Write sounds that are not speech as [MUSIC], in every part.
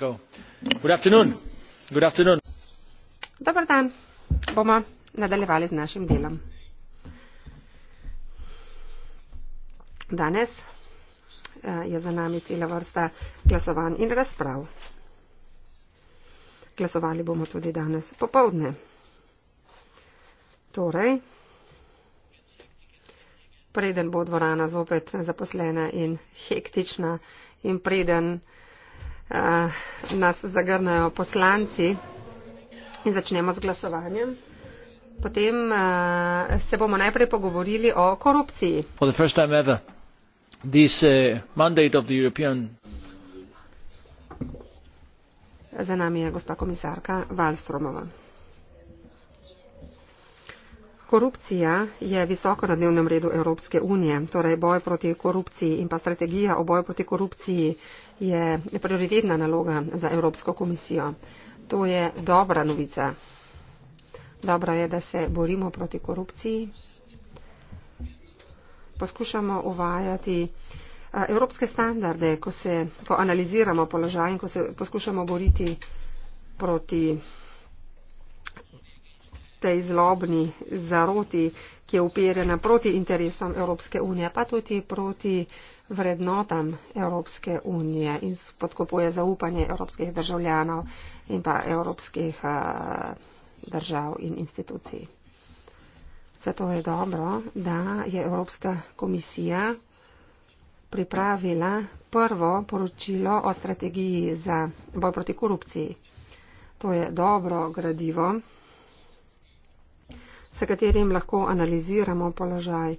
dober dan bomo nadaljevali z našim delom danes eh, je za nami cela vrsta glasovanj in razprav glasovali bomo tudi danes popovdne torej preden bo dvorana zopet zaposlena in hektična in preden nas zagrnajo poslanci in začnemo z glasovanjem. Potem se bomo najprej pogovorili o korupciji. This, uh, European... Za nami je gospa komisarka Valstromova. Korupcija je visoko na dnevnem redu Evropske unije, torej boj proti korupciji in pa strategija o boju proti korupciji je prioritetna naloga za Evropsko komisijo. To je dobra novica. Dobro je, da se borimo proti korupciji. Poskušamo uvajati evropske standarde, ko, se, ko analiziramo položaj in ko se poskušamo boriti proti korupciji tej zlobni zaroti, ki je upirjena proti interesom Evropske unije, pa tudi proti vrednotam Evropske unije in spodkopuje zaupanje evropskih državljanov in pa evropskih eh, držav in institucij. Zato je dobro, da je Evropska komisija pripravila prvo poročilo o strategiji za boj proti korupciji. To je dobro gradivo s katerim lahko analiziramo položaj eh,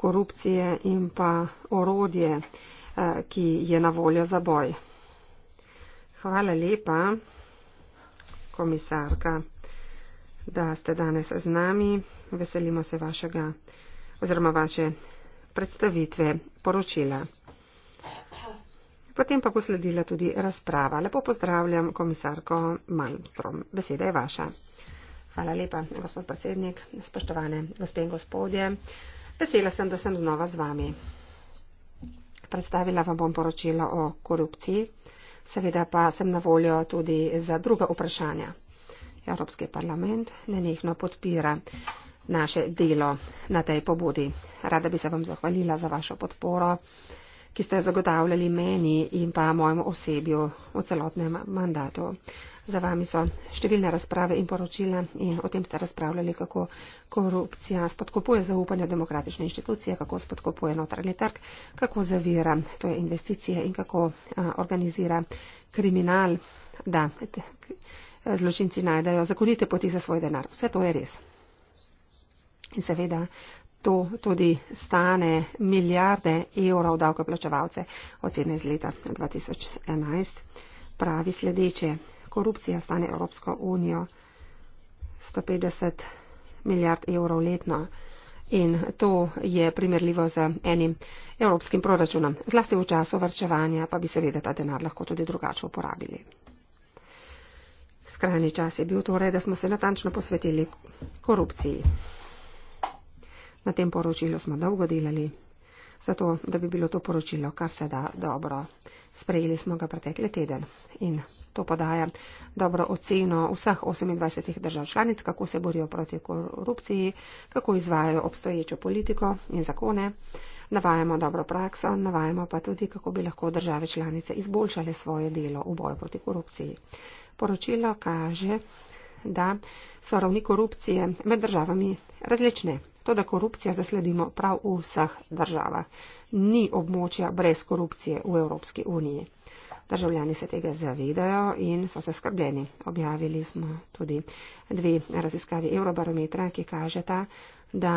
korupcije in pa orodje, eh, ki je na voljo za boj. Hvala lepa, komisarka, da ste danes z nami. Veselimo se vašega oziroma vaše predstavitve poročila. Potem pa posledila tudi razprava. Lepo pozdravljam komisarko Malmstrom. Beseda je vaša. Hvala lepa, gospod predsednik, spoštovane gospe in gospodje. Vesela sem, da sem znova z vami. Predstavila vam bom poročilo o korupciji, seveda pa sem na voljo tudi za druga vprašanja. Evropski parlament nenehno podpira naše delo na tej pobudi. Rada bi se vam zahvalila za vašo podporo, ki ste zagotavljali meni in pa mojemu osebju v celotnem mandatu. Za vami so številne razprave in poročila in o tem ste razpravljali, kako korupcija spodkopuje zaupanje v demokratične inštitucije, kako spodkopuje notranji trg, kako zavira to je investicije in kako a, organizira kriminal, da te, zločinci najdejo zakonite poti za svoj denar. Vse to je res. In seveda to tudi stane milijarde evrov davkoplačevalce ocene iz leta 2011. Pravi sledeče, korupcija stane Evropsko unijo 150 milijard evrov letno. In to je primerljivo z enim evropskim proračunom. Zlasti v času vrčevanja pa bi seveda ta denar lahko tudi drugače uporabili. Skrajni čas je bil torej, da smo se natančno posvetili korupciji. Na tem poročilu smo dolgo delali zato da bi bilo to poročilo kar se da dobro. Sprejeli smo ga pretekle teden in to podaja dobro oceno vseh 28 držav članic, kako se borijo proti korupciji, kako izvajajo obstoječo politiko in zakone. Navajamo dobro prakso, navajamo pa tudi, kako bi lahko države članice izboljšale svoje delo v boju proti korupciji. Poročilo kaže, da so ravni korupcije med državami različne to, da korupcija zasledimo prav v vseh državah. Ni območja brez korupcije v Evropski uniji. Državljani se tega zavedajo in so se skrbljeni. Objavili smo tudi dve raziskavi Eurobarometra, ki kažeta, da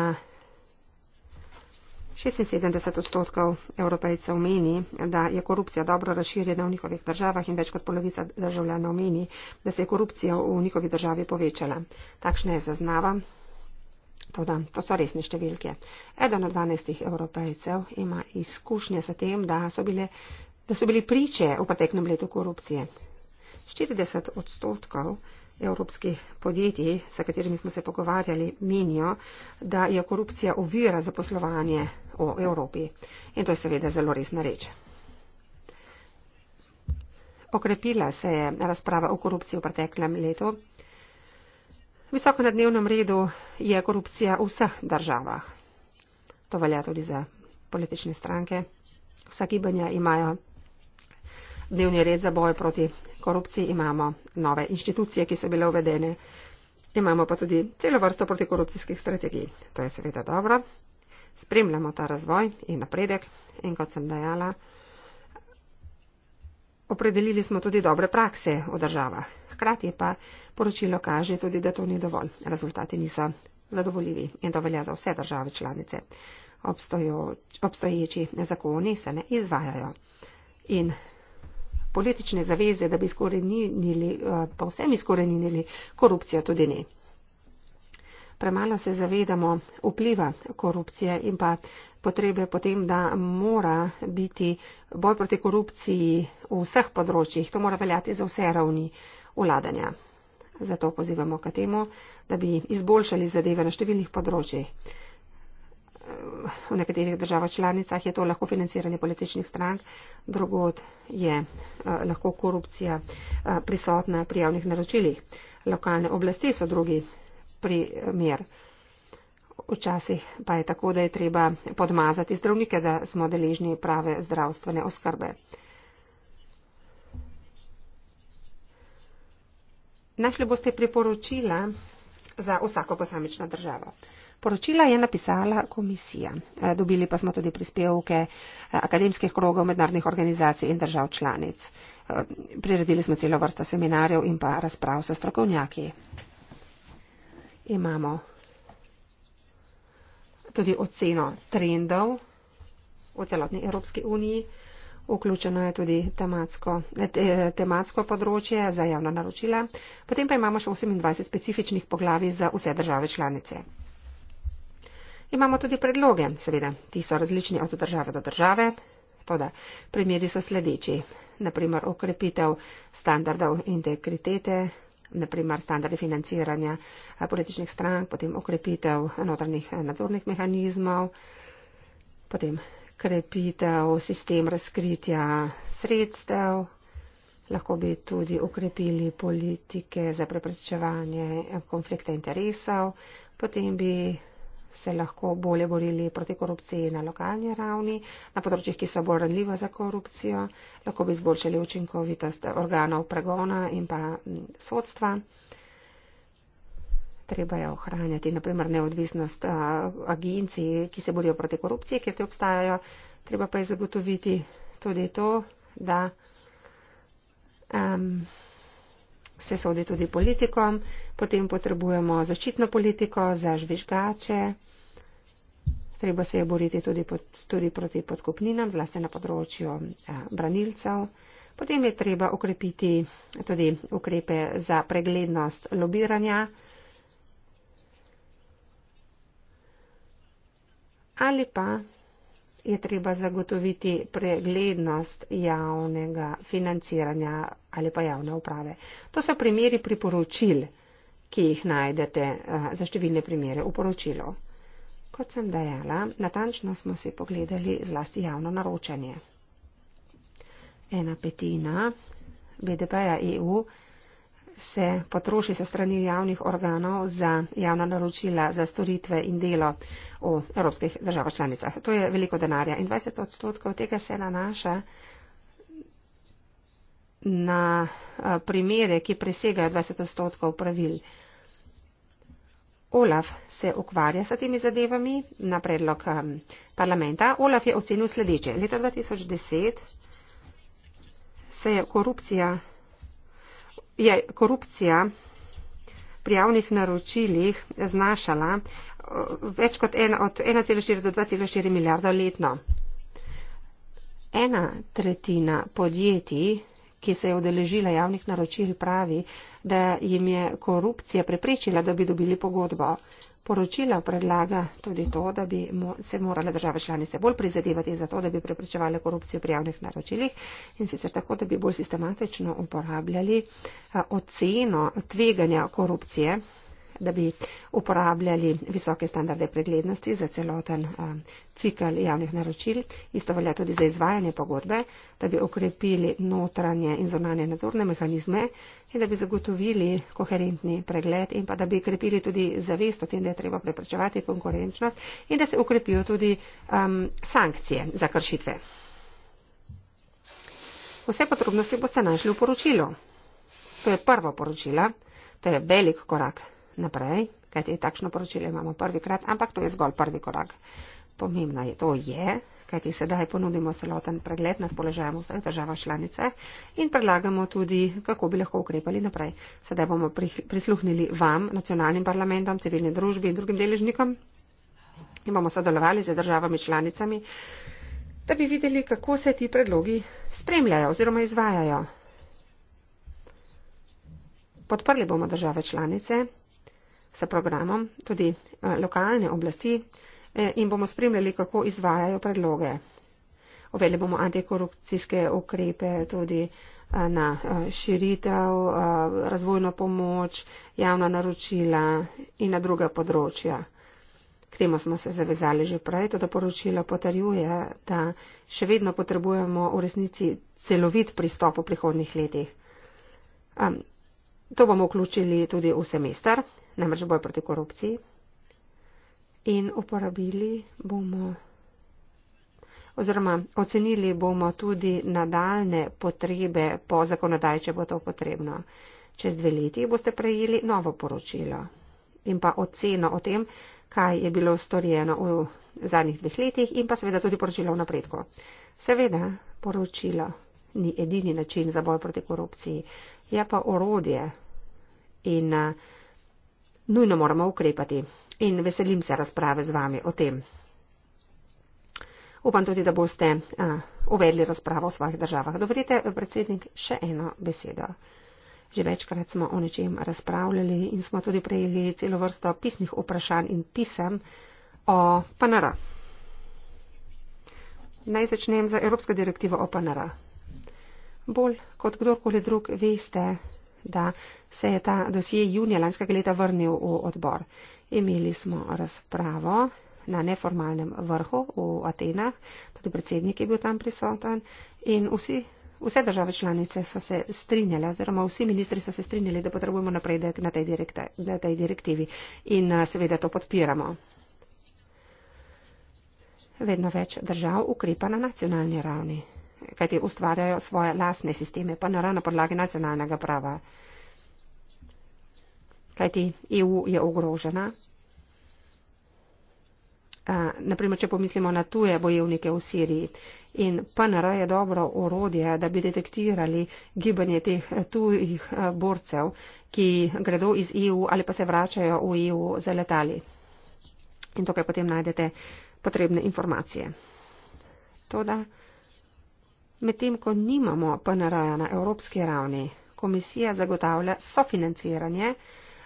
76 odstotkov evropejcev meni, da je korupcija dobro razširjena v njihovih državah in več kot polovica državljanov meni, da se je korupcija v njihovi državi povečala. Takšna je zaznava Toda to so resni številke. Eden od dvanajstih evropejcev ima izkušnje s tem, da so, bile, da so bili priče v preteklem letu korupcije. 40 odstotkov evropskih podjetij, s katerimi smo se pogovarjali, menijo, da je korupcija ovira za poslovanje v Evropi. In to je seveda zelo resna reč. Okrepila se je razprava o korupciji v preteklem letu. Visoko na dnevnem redu je korupcija v vseh državah. To velja tudi za politične stranke. Vsa gibanja imajo dnevni red za boj proti korupciji, imamo nove inštitucije, ki so bile uvedene, imamo pa tudi celo vrsto protikorupcijskih strategij. To je seveda dobro. Spremljamo ta razvoj in napredek in kot sem dejala, opredelili smo tudi dobre prakse v državah hkrati pa poročilo kaže tudi, da to ni dovolj. Rezultati niso zadovoljivi in to velja za vse države članice. Obstojo, obstoječi zakoni se ne izvajajo. In politične zaveze, da bi izkorenili, eh, pa vsem izkorenili korupcijo, tudi ne. Premalo se zavedamo vpliva korupcije in pa potrebe potem, da mora biti boj proti korupciji v vseh področjih. To mora veljati za vse ravni. Uh, vladanja. Zato pozivamo k temu, da bi izboljšali zadeve na številnih področjih. V nekaterih državah članicah je to lahko financiranje političnih strank, drugod je eh, lahko korupcija eh, prisotna pri javnih naročilih. Lokalne oblasti so drugi primer. Včasih pa je tako, da je treba podmazati zdravnike, da smo deležni prave zdravstvene oskrbe. Našli boste priporočila za vsako posamično državo. Poročila je napisala komisija. E, dobili pa smo tudi prispevke e, akademskih krogov, mednarodnih organizacij in držav članic. E, priredili smo celo vrsto seminarjev in pa razprav so strokovnjaki. Imamo tudi oceno trendov v celotni Evropski uniji vključeno je tudi tematsko, eh, tematsko področje za javna naročila, potem pa imamo še 28 specifičnih poglavi za vse države članice. Imamo tudi predloge, seveda, ti so različni od države do države, toda primeri so sledeči, naprimer okrepitev standardov integritete, naprimer standardi financiranja eh, političnih strank, potem okrepitev notranjih nadzornih mehanizmov, potem krepitev sistem razkritja sredstev, lahko bi tudi ukrepili politike za preprečevanje konflikta interesov, potem bi se lahko bolje borili proti korupciji na lokalni ravni, na področjih, ki so bolj ranljiva za korupcijo, lahko bi izboljšali učinkovitost organov pregona in pa sodstva treba je ohranjati, naprimer neodvisnost agencij, ki se borijo proti korupciji, ker te obstajajo. Treba pa je zagotoviti tudi to, da um, se sodi tudi politikom, potem potrebujemo zaščitno politiko za žvižgače. Treba se je boriti tudi, pod, tudi proti podkopninam, zlasti na področju eh, branilcev. Potem je treba ukrepiti tudi ukrepe za preglednost lobiranja. Eh, ali pa je treba zagotoviti preglednost javnega financiranja ali pa javne uprave. To so primeri priporočil, ki jih najdete eh, za številne primere v poročilu. Kot sem dejala, natančno smo si pogledali zlasti javno naročanje. Ena petina BDP-ja EU se potroši se strani javnih organov za javna naročila za storitve in delo v evropskih državah članicah. To je veliko denarja in 20 odstotkov tega se nanaša na eh, primere, ki presegajo 20 odstotkov pravil. Olaf se ukvarja s temi zadevami na predlog eh, parlamenta. Olaf je ocenil sledeče. Leta 2010 se je korupcija je korupcija pri javnih naročilih znašala eh, več kot ena, od 1,4 do 2,4 milijarda letno. Ena tretjina podjetij, ki se je odeležila javnih naročil, pravi, da jim je korupcija preprečila, da bi dobili pogodbo. Poročilo predlaga tudi to, da bi se morale države članice bolj prizadevati za to, da bi preprečevali korupcijo pri javnih naročilih in sicer tako, da bi bolj sistematično uporabljali oceno tveganja korupcije da bi uporabljali visoke standarde preglednosti za celoten eh, cikl javnih naročil. Isto velja tudi za izvajanje pogodbe, da bi okrepili notranje in zornanje nadzorne mehanizme in da bi zagotovili koherentni pregled in pa da bi okrepili tudi zavest o tem, da je treba preprečevati konkurenčnost in da se okrepijo tudi um, sankcije za kršitve. Vse podrobnosti boste našli v poročilu. To je prvo poročilo, to je velik korak naprej, kajti takšno poročilo imamo prvi krat, ampak to je zgolj prvi korak. Pomembno je to je, kajti sedaj ponudimo celoten pregled nad položajem vseh država članice in predlagamo tudi, kako bi lahko ukrepali naprej. Sedaj bomo prisluhnili vam, nacionalnim parlamentom, civilni družbi in drugim deležnikom in bomo sodelovali z državami članicami, da bi videli, kako se ti predlogi spremljajo oziroma izvajajo. Podprli bomo države članice s programom tudi eh, lokalne oblasti eh, in bomo spremljali, kako izvajajo predloge. Uvedli bomo antikorupcijske ukrepe tudi eh, na širitev, razvojno pomoč, javna naročila in na druga področja. K temu smo se zavezali že prej, to da poročilo potrjuje, da še vedno potrebujemo v resnici celovit pristop v prihodnih letih. Ehm, to bomo vključili tudi v semester, namreč boj proti korupciji. In uporabili bomo, oziroma ocenili bomo tudi nadaljne potrebe po zakonodaji, če bo to potrebno. Čez dve leti boste prejeli novo poročilo in pa oceno o tem, kaj je bilo storjeno v zadnjih dveh letih in pa seveda tudi poročilo v napredku. Seveda, poročilo ni edini način za boj proti korupciji, je pa orodje in. Uh, nujno moramo ukrepati in veselim se razprave z vami o tem. Upam tudi, da boste a, uvedli razpravo v svojih državah. Dovolite, predsednik, še eno besedo. Že večkrat smo o nečem razpravljali in smo tudi prejeli celo vrsto pisnih vprašanj in pisem o PNR. Naj začnem za Evropsko direktivo o PNR. Bolj kot kdorkoli drug veste, da se je ta dosije junija lanskega leta vrnil v odbor. Imeli smo razpravo na neformalnem vrhu v Atenah, tudi predsednik je bil tam prisoten in vsi, vse države članice so se strinjali, oziroma vsi ministri so se strinjali, da potrebujemo napredek na tej, direkte, na tej direktivi in eh, seveda to podpiramo. Vedno več držav ukrepa na nacionalni ravni kajti ustvarjajo svoje lastne sisteme, pa naravno na podlagi nacionalnega prava. Kajti EU je ogrožena. Uh, naprimer, če pomislimo na tuje bojevnike v Siriji in PNR je dobro orodje, da bi detektirali gibanje teh tujih uh, borcev, ki gredo iz EU ali pa se vračajo v EU za letali. In tukaj potem najdete potrebne informacije. Toda, medtem ko nimamo PNR-ja na evropski ravni. Komisija zagotavlja sofinanciranje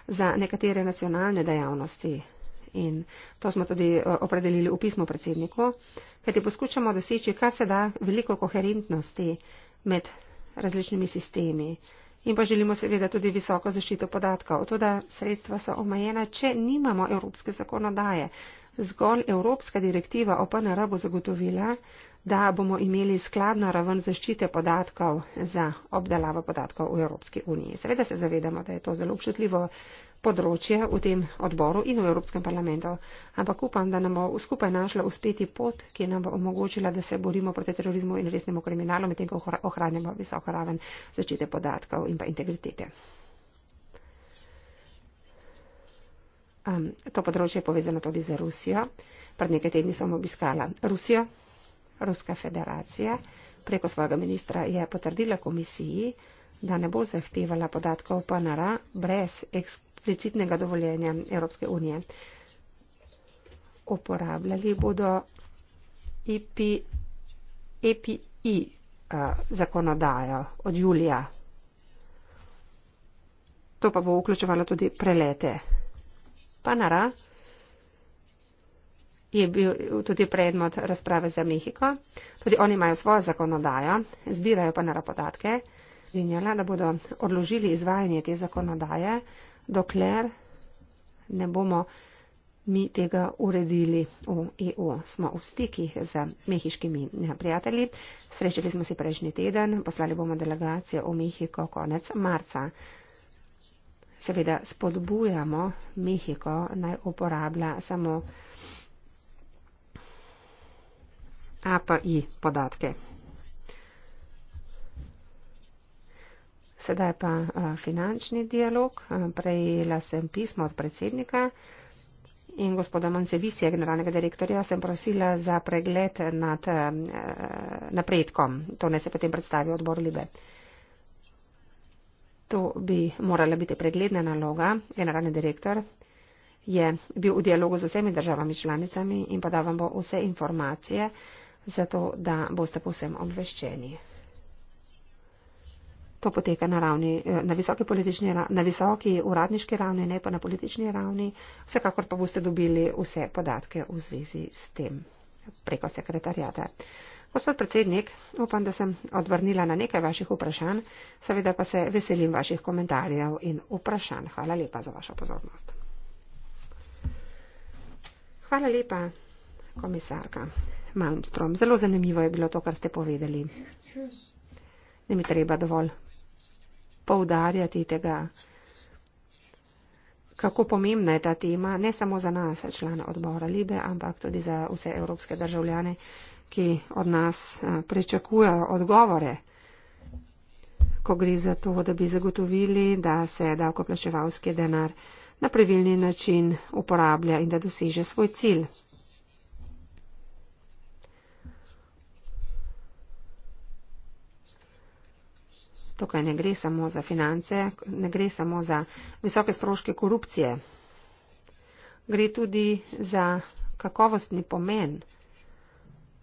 za nekatere nacionalne dejavnosti. In to smo tudi eh, opredelili v pismu predsedniku, kajti poskušamo doseči, kar se da, veliko koherentnosti med različnimi sistemi in pa želimo seveda tudi visoko zaščito podatkov. Toda sredstva so omejena, če nimamo evropske zakonodaje. Zgolj evropska direktiva o PNR bo zagotovila, da bomo imeli skladno raven zaščite podatkov za obdelavo podatkov v Evropski uniji. Seveda se zavedamo, da je to zelo občutljivo področje v tem odboru in v Evropskem parlamentu. Ampak upam, da nam bo skupaj našla uspeti pot, ki nam bo omogočila, da se borimo proti terorizmu in resnemu kriminalu, medtem ko ohranjamo visoko raven zaščite podatkov in pa integritete. Um, to področje je povezano tudi z Rusijo. Pred nekaj tedni sem obiskala Rusijo, Ruska federacija. Preko svojega ministra je potrdila komisiji, da ne bo zahtevala podatkov PNR brez ekskluzivnosti eksplicitnega dovoljenja Evropske unije. Uporabljali bodo EPI e EP, uh, zakonodajo od julija. To pa bo vključevalo tudi prelete. Panara je bil tudi predmet razprave za Mehiko. Tudi oni imajo svojo zakonodajo, zbirajo pa na podatke. Zinjala, da bodo odložili izvajanje te zakonodaje, dokler ne bomo mi tega uredili v EU. Smo v stikih z mehiškimi prijatelji. Srečali smo se prejšnji teden, poslali bomo delegacijo v Mehiko konec marca. Seveda spodbujamo Mehiko naj uporablja samo API podatke. Sedaj pa eh, finančni dialog. Eh, prejela sem pismo od predsednika in gospoda Monsevisija, generalnega direktorja, sem prosila za pregled nad eh, napredkom. To ne se potem predstavi odbor Libe. To bi morala biti pregledna naloga. Generalni direktor je bil v dialogu z vsemi državami članicami in podal vam bo vse informacije, zato da boste povsem obveščeni to poteka na, ravni, eh, na visoki politični, na visoki uradniški ravni, ne pa na politični ravni. Vsekakor pa boste dobili vse podatke v zvezi s tem preko sekretarjata. Gospod predsednik, upam, da sem odvrnila na nekaj vaših vprašanj, seveda pa se veselim vaših komentarjev in vprašanj. Hvala lepa za vašo pozornost. Hvala lepa, komisarka Malmstrom. Zelo zanimivo je bilo to, kar ste povedali. Ne mi treba dovolj poudarjati tega, kako pomembna je ta tema, ne samo za nas, člane odbora Libe, ampak tudi za vse evropske državljane, ki od nas eh, pričakujejo odgovore, ko gre za to, da bi zagotovili, da se davkoplačevalski denar na pravilni način uporablja in da doseže svoj cilj. Tukaj ne gre samo za finance, ne gre samo za visoke stroške korupcije. Gre tudi za kakovostni pomen,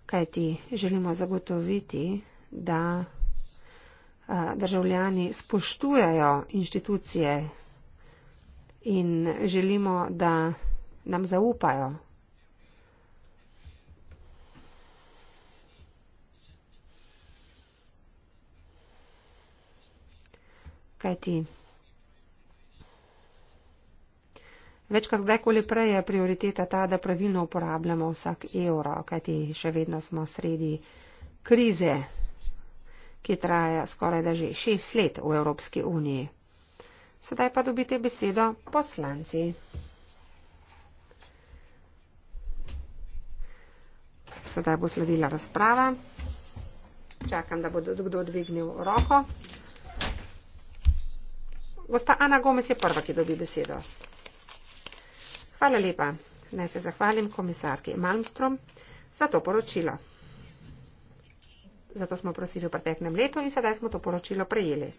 kaj ti želimo zagotoviti, da državljani spoštujajo inštitucije in želimo, da nam zaupajo kajti večkrat kdajkoli prej je prioriteta ta, da pravilno uporabljamo vsak evro, kajti še vedno smo sredi krize, ki traja skoraj da že šest let v Evropski uniji. Sedaj pa dobite besedo poslanci. Sedaj bo sledila razprava. Čakam, da bo kdo dvignil roko. Gospa Ana Gomez je prva, ki dobi besedo. Hvala lepa. Naj se zahvalim komisarki Malmstrom za to poročilo. Zato smo prosili v preteknem letu in sedaj smo to poročilo prejeli.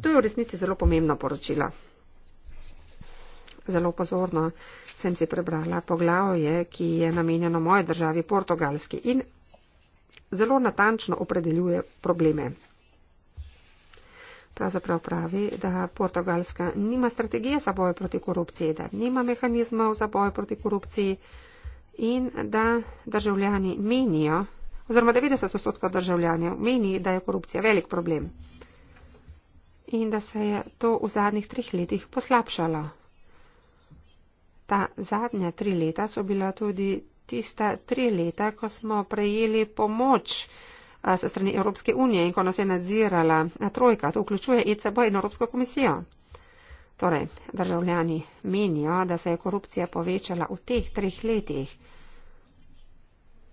To je v resnici zelo pomembno poročilo. Zelo pozorno sem si prebrala poglavje, ki je namenjeno moje državi Portugalski in zelo natančno opredeljuje probleme pravzaprav pravi, da Portugalska nima strategije za boj proti korupciji, da nima mehanizmov za boj proti korupciji in da državljani menijo, oziroma 90 odstotkov državljanov meni, da je korupcija velik problem in da se je to v zadnjih treh letih poslabšalo. Ta zadnja tri leta so bila tudi tista tri leta, ko smo prejeli pomoč s strani Evropske unije in ko nas je nadzirala trojka, to vključuje ECB in Evropsko komisijo. Torej, državljani menijo, da se je korupcija povečala v teh treh letih.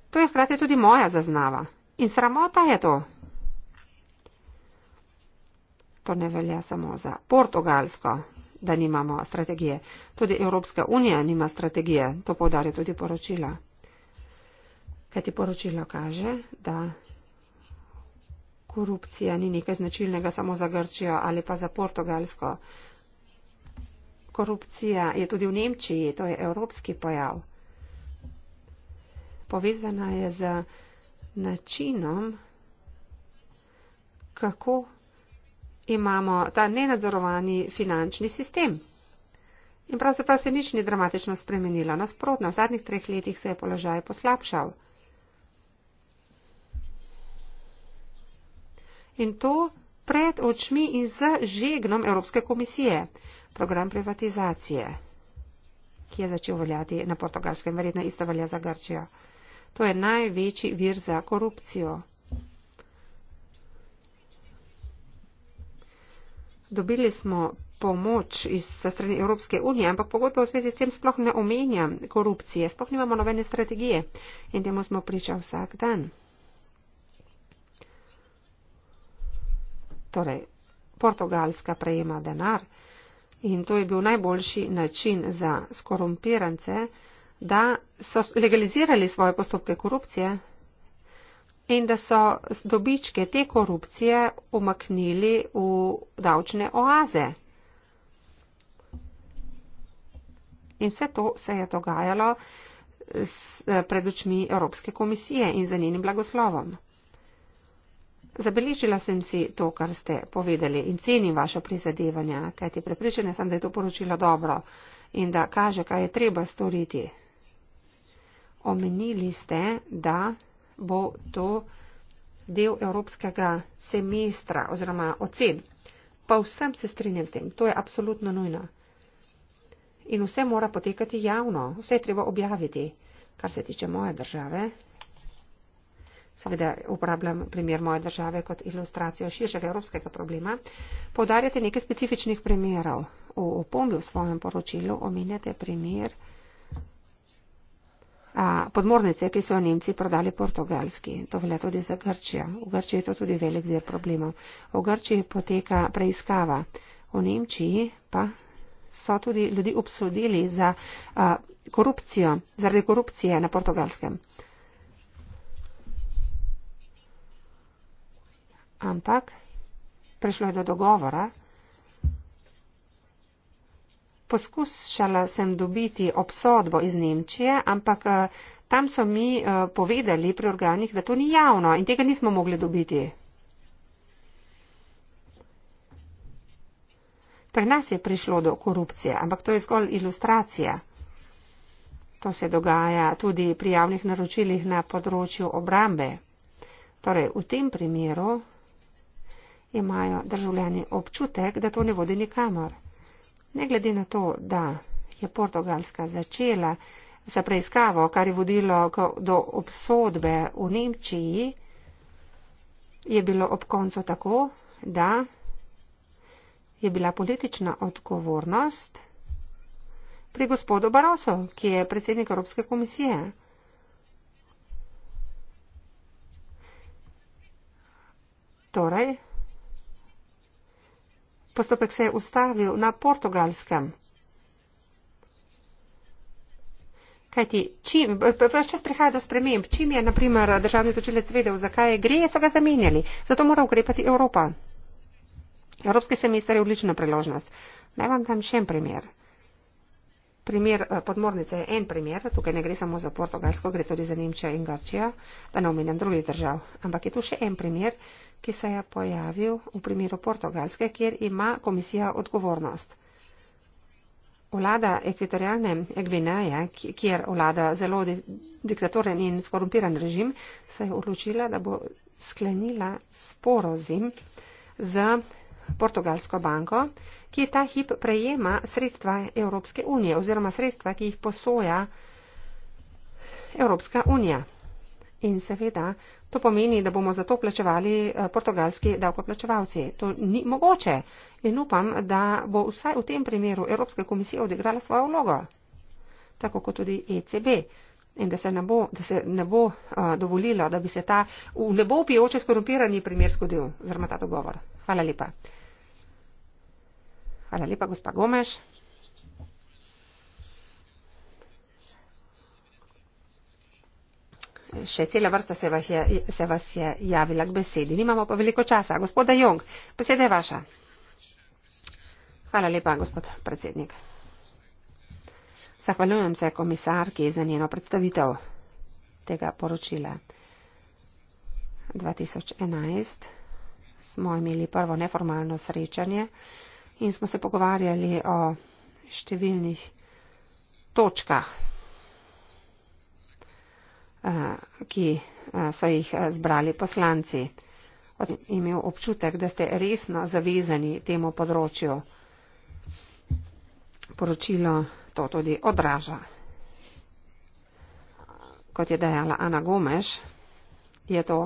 To je hkrati tudi moja zaznava. In sramota je to. To ne velja samo za Portugalsko, da nimamo strategije. Tudi Evropska unija nima strategije, to povdarja tudi poročila. Kaj ti poročilo kaže, da korupcija ni nekaj značilnega samo za Grčijo ali pa za Portugalsko. Korupcija je tudi v Nemčiji, to je evropski pojav. Povezana je z načinom, kako imamo ta nenadzorovani finančni sistem. In pravzaprav se nič ni dramatično spremenilo. Nasprotno, v zadnjih treh letih se je položaj poslabšal. in to pred očmi in z žegnom Evropske komisije. Program privatizacije, ki je začel veljati na portugalskem, verjetno isto velja za Grčijo. To je največji vir za korupcijo. Dobili smo pomoč iz strani Evropske unije, ampak pogodba v zvezi s tem sploh ne omenja korupcije, sploh nimamo nobene strategije in temu smo priča vsak dan. torej Portugalska prejema denar in to je bil najboljši način za skorumpirance, da so legalizirali svoje postopke korupcije in da so dobičke te korupcije umaknili v davčne oaze. In vse to se je dogajalo eh, pred očmi Evropske komisije in za njenim blagoslovom. Zabeležila sem si to, kar ste povedali in cenim vaše prizadevanja, kajti prepričana sem, da je to poročilo dobro in da kaže, kaj je treba storiti. Omenili ste, da bo to del evropskega semestra oziroma ocen. Pa vsem se strinjam s tem, to je absolutno nujno. In vse mora potekati javno, vse je treba objaviti. Kar se tiče moje države, seveda uporabljam primer moje države kot ilustracijo širšega evropskega problema, podarjate nekaj specifičnih primerov. V opombi v svojem poročilu omenjate primer a, podmornice, ki so jo Nemci prodali portugalski. To velja tudi za Grčijo. V Grčiji je to tudi velik vir problemov. V Grčiji poteka preiskava. V Nemčiji pa so tudi ljudi obsodili za a, korupcijo, zaradi korupcije na portugalskem. ampak prišlo je do dogovora. Poskušala sem dobiti obsodbo iz Nemčije, ampak eh, tam so mi eh, povedali pri organih, da to ni javno in tega nismo mogli dobiti. Pri nas je prišlo do korupcije, ampak to je zgolj ilustracija. To se dogaja tudi pri javnih naročilih na področju obrambe. Torej, v tem primeru imajo državljani občutek, da to ne vodi nikamor. Ne glede na to, da je Portugalska začela za preiskavo, kar je vodilo do obsodbe v Nemčiji, je bilo ob koncu tako, da je bila politična odgovornost pri gospodu Baroso, ki je predsednik Evropske komisije. Torej, Postopek se je ustavil na portugalskem. Kajti, čim, vse čas prihaja do sprememb, čim je, naprimer, državni točilec vedel, zakaj je gre, so ga zamenjali. Zato mora ukrepati Evropa. Evropski semester je odlična priložnost. Naj vam dam še en primer. Primer eh, podmornice je en primer, tukaj ne gre samo za Portugalsko, gre tudi za Nemčijo in Grčijo, da ne omenjam drugih držav. Ampak je tu še en primer, ki se je pojavil v primeru Portugalske, kjer ima komisija odgovornost. Vlada ekvatorialne Gvineje, kjer vlada zelo diktatoren in skorumpiran režim, se je odločila, da bo sklenila sporozum z Portugalsko banko, ki ta hip prejema sredstva Evropske unije oziroma sredstva, ki jih posoja Evropska unija. In seveda To pomeni, da bomo za to plačevali eh, portugalski davkoplačevalci. To ni mogoče in upam, da bo vsaj v tem primeru Evropska komisija odigrala svojo vlogo, tako kot tudi ECB. In da se ne bo, da se ne bo uh, dovolilo, da bi se ta v nebo pijoče skorumpirani primer zgodil, oziroma ta dogovor. Hvala lepa. Hvala lepa, gospa Gomeš. še cela vrsta se vas, je, se vas je javila k besedi. Nimamo pa veliko časa. Gospoda Jong, beseda je vaša. Hvala lepa, gospod predsednik. Zahvaljujem se komisarki za njeno predstavitev tega poročila. 2011 smo imeli prvo neformalno srečanje in smo se pogovarjali o številnih točkah Eh, ki eh, so jih eh, zbrali poslanci. Sem imel občutek, da ste resno zavezani temu področju. Poročilo to tudi odraža. Kot je dejala Ana Gomeš, je to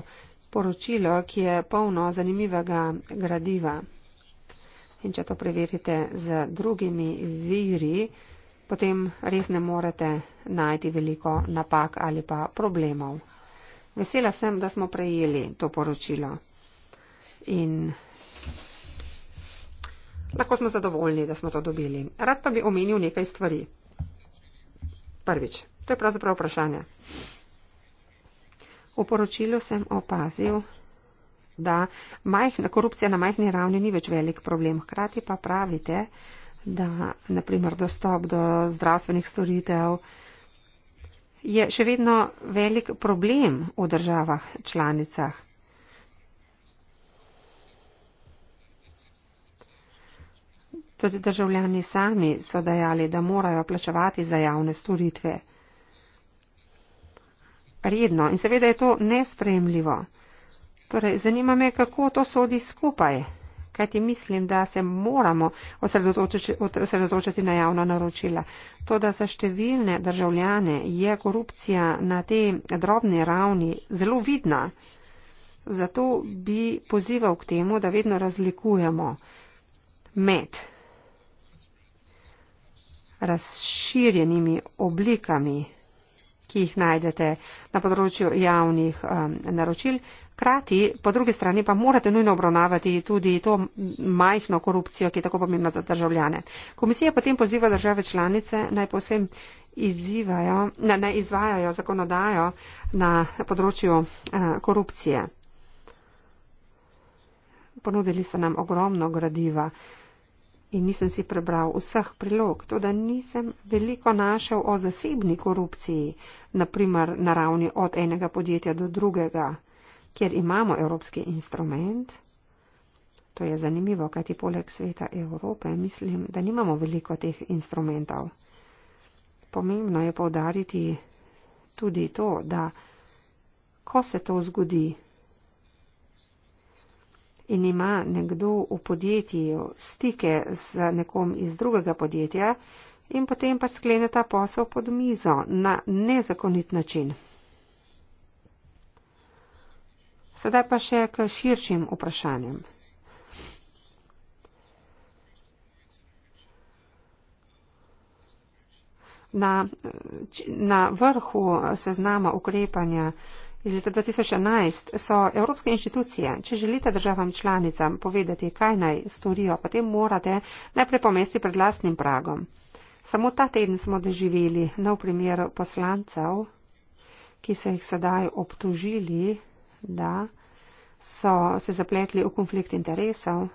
poročilo, ki je polno zanimivega gradiva. In če to preverite z drugimi viri, potem res ne morete najti veliko napak ali pa problemov. Vesela sem, da smo prejeli to poročilo in lahko smo zadovoljni, da smo to dobili. Rad pa bi omenil nekaj stvari. Prvič, to je pravzaprav vprašanje. V poročilu sem opazil, da majhna, korupcija na majhni ravni ni več velik problem. Hkrati pa pravite, da naprimer dostop do zdravstvenih storitev je še vedno velik problem v državah članicah. Tudi državljani sami so dejali, da morajo plačevati za javne storitve. Redno in seveda je to nespremljivo. Torej, zanima me, kako to sodi skupaj kajti mislim, da se moramo osredotočiti na javna naročila. To, da za številne državljane je korupcija na te drobne ravni zelo vidna, zato bi pozival k temu, da vedno razlikujemo med razširjenimi oblikami ki jih najdete na področju javnih um, naročil. Krati, po drugi strani pa morate nujno obravnavati tudi to majhno korupcijo, ki je tako pomembna za državljane. Komisija potem poziva države članice naj posem izzivajo, naj izvajajo zakonodajo na področju uh, korupcije. Ponudili ste nam ogromno gradiva. Uh, in nisem si prebral vseh prilog, to da nisem veliko našel o zasebni korupciji, naprimer na ravni od enega podjetja do drugega, kjer imamo evropski instrument. To je zanimivo, kajti poleg sveta Evrope mislim, da nimamo veliko teh instrumentov. Pomembno je povdariti tudi to, da ko se to zgodi, in ima nekdo v podjetju stike z nekom iz drugega podjetja in potem pač sklene ta posel pod mizo na nezakonit način. Sedaj pa še k širšim vprašanjem. Na, na vrhu seznama ukrepanja Iz leta 2011 so evropske inštitucije, če želite državam članicam povedati, kaj naj storijo, potem morate najprej pomesti pred lastnim pragom. Samo ta teden smo doživeli nov primer poslancev, ki so jih sedaj obtožili, da so se zapletli v konflikt interesov.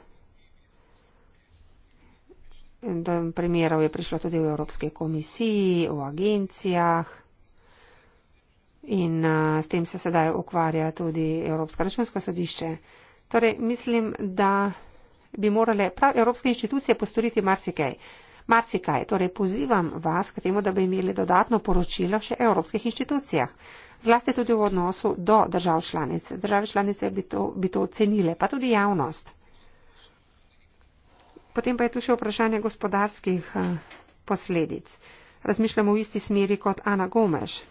Do primerov je prišlo tudi v Evropske komisiji, v agencijah in s tem se sedaj ukvarja tudi Evropsko računsko sodišče. Torej, mislim, da bi morale prav Evropske inštitucije postoriti marsikaj. Marsikaj, torej pozivam vas k temu, da bi imeli dodatno poročilo še Evropskih inštitucijah. Zlasti tudi v odnosu do držav članic. Države članice bi to, bi to ocenile, pa tudi javnost. Potem pa je tu še vprašanje gospodarskih posledic. Razmišljamo v isti smeri kot Ana Gomeš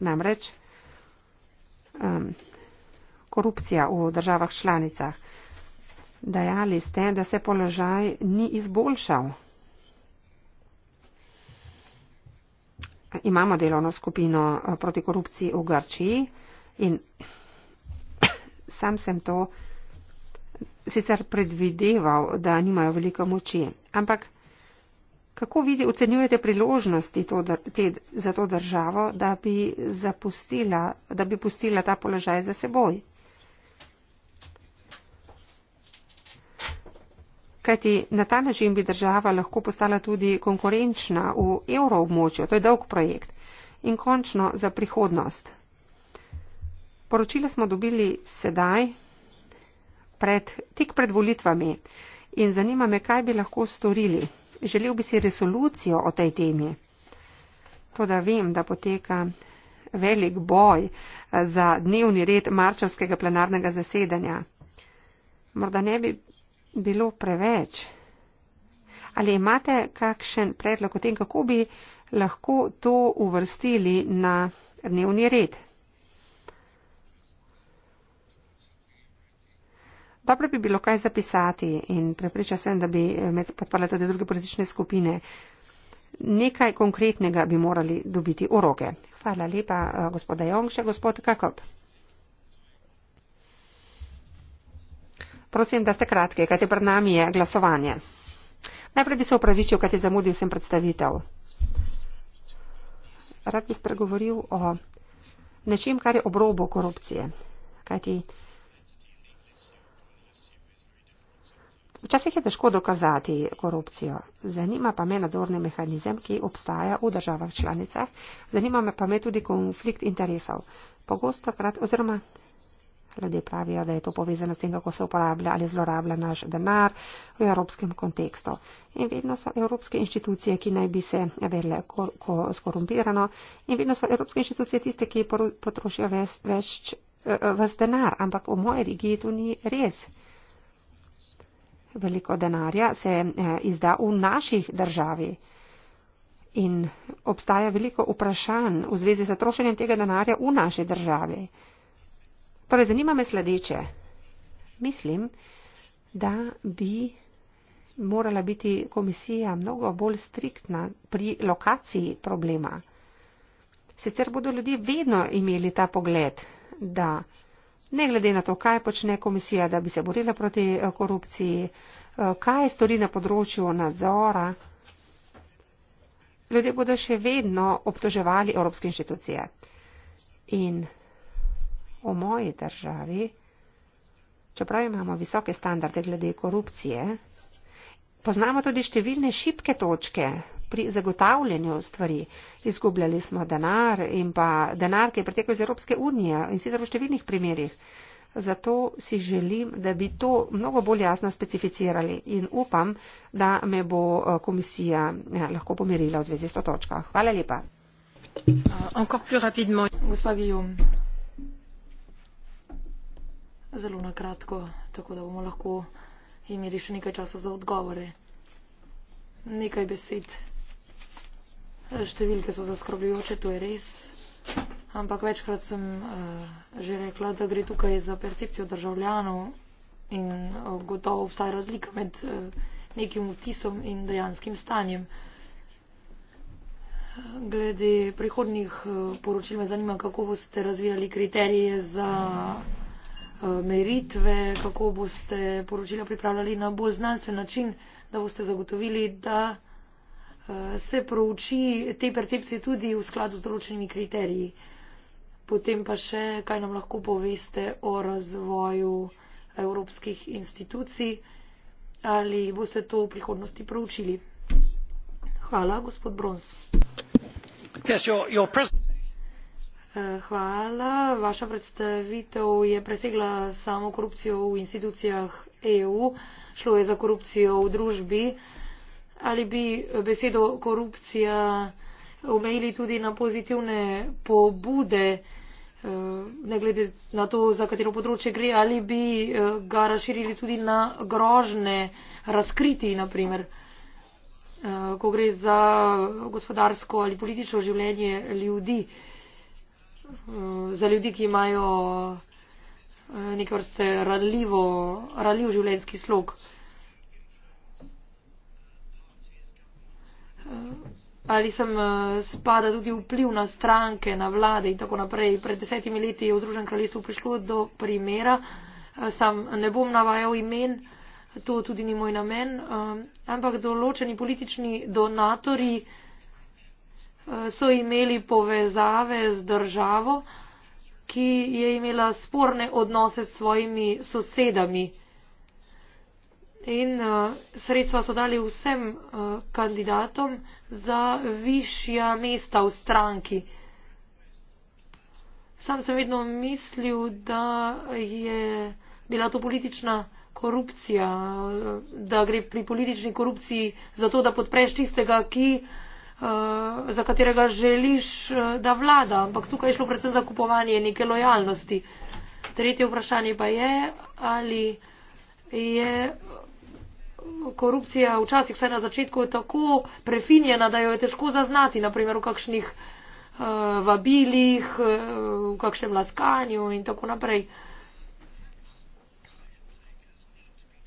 namreč um, korupcija v državah članicah. Dajali ste, da se položaj ni izboljšal. Imamo delovno skupino eh, proti korupciji v Grčiji in [CLEARS THROAT] sam sem to sicer predvideval, da nimajo veliko moči, ampak Kako vidi, ocenjujete priložnosti to, te, za to državo, da bi zapustila, da bi pustila ta položaj za seboj? Kajti na ta način bi država lahko postala tudi konkurenčna v evroobmočju. To je dolg projekt. In končno za prihodnost. Poročila smo dobili sedaj, pred, tik pred volitvami. In zanima me, kaj bi lahko storili. Želel bi si resolucijo o tej temi. Toda vem, da poteka velik boj eh, za dnevni red marčevskega plenarnega zasedanja. Morda ne bi bilo preveč. Ali imate kakšen predlog o tem, kako bi lahko to uvrstili na dnevni red? Dobro bi bilo kaj zapisati in prepriča sem, da bi med podpale tudi druge politične skupine. Nekaj konkretnega bi morali dobiti v roke. Hvala lepa, eh, gospoda Jongša, gospod Kakob. Prosim, da ste kratki, kajte pred nami je glasovanje. Najprej bi se upravičil, kajte zamudil sem predstavitev. Rad bi spregovoril o nečem, kar je obrobo korupcije. Kajti, Včasih je težko dokazati korupcijo. Zanima pa me nadzorni mehanizem, ki obstaja v državah članicah. Zanima me pa me tudi konflikt interesov. Pogosto krat oziroma. Ljudje pravijo, da je to povezano s tem, kako se uporablja ali zlorablja naš denar v evropskem kontekstu. In vedno so evropske inštitucije, ki naj bi se vedle skorumpirano, in vedno so evropske inštitucije tiste, ki potrošijo ves, več, eh, ves denar. Ampak v moji regiji to ni res veliko denarja se eh, izda v naših državi. In obstaja veliko vprašanj v zvezi z trošenjem tega denarja v naši državi. Torej, zanima me sledeče. Mislim, da bi morala biti komisija mnogo bolj striktna pri lokaciji problema. Sicer bodo ljudje vedno imeli ta pogled, da ne glede na to, kaj počne komisija, da bi se borila proti eh, korupciji, eh, kaj stori na področju nadzora, ljudje bodo še vedno obtoževali evropske inštitucije. In o moji državi, čeprav imamo visoke standarde glede korupcije, Poznamo tudi številne šibke točke pri zagotavljanju stvari. Izgubljali smo denar in pa denar, ki je pretekel iz Evropske unije in sicer v številnih primerjih. Zato si želim, da bi to mnogo bolj jasno specificirali in upam, da me bo eh, komisija eh, lahko pomirila v zvezi s to točko. Hvala lepa. Euh, Zelo na kratko, tako da bomo lahko imeli še nekaj časa za odgovore. Nekaj besed. Številke so zaskrbljujoče, to je res. Ampak večkrat sem uh, že rekla, da gre tukaj za percepcijo državljanov in uh, gotovo obstaja razlika med uh, nekim vtisom in dejanskim stanjem. Glede prihodnih uh, poročil me zanima, kako boste razvijali kriterije za. Uh, Eh, meritve, kako boste poročila pripravljali na bolj znanstven način, da boste zagotovili, da eh, se prouči te percepcije tudi v skladu z določenimi kriteriji. Potem pa še, kaj nam lahko poveste o razvoju evropskih institucij, ali boste to v prihodnosti proučili. Hvala, gospod Brons. Yes, your, your Hvala. Vaša predstavitev je presegla samo korupcijo v institucijah EU. Šlo je za korupcijo v družbi. Ali bi besedo korupcija omejili tudi na pozitivne pobude, eh, ne glede na to, za katero področje gre, ali bi eh, ga razširili tudi na grožne razkriti, naprimer, eh, ko gre za gospodarsko ali politično življenje ljudi. Eh, za ljudi, ki imajo eh, nek vrste radljivo, radljiv življenjski slog. Eh, ali sem spada tudi vpliv na stranke, na vlade in tako naprej. Pred desetimi leti je v Združen kraljestvu prišlo do primera. Sam ne bom navajal imen, to tudi ni moj namen, ampak določeni politični donatori, so imeli povezave z državo, ki je imela sporne odnose s svojimi sosedami. In uh, sredstva so dali vsem uh, kandidatom za višja mesta v stranki. Sam sem vedno mislil, da je bila to politična korupcija, eh, da gre pri politični korupciji za to, da podpreš tistega, ki uh, Eh, za katerega želiš, eh, da vlada, ampak tukaj je šlo predvsem za kupovanje neke lojalnosti. Tretje vprašanje pa je, ali je korupcija včasih vsaj na začetku tako prefinjena, da jo je težko zaznati, naprimer v kakšnih uh, vabilih, uh, v kakšnem laskanju in tako naprej.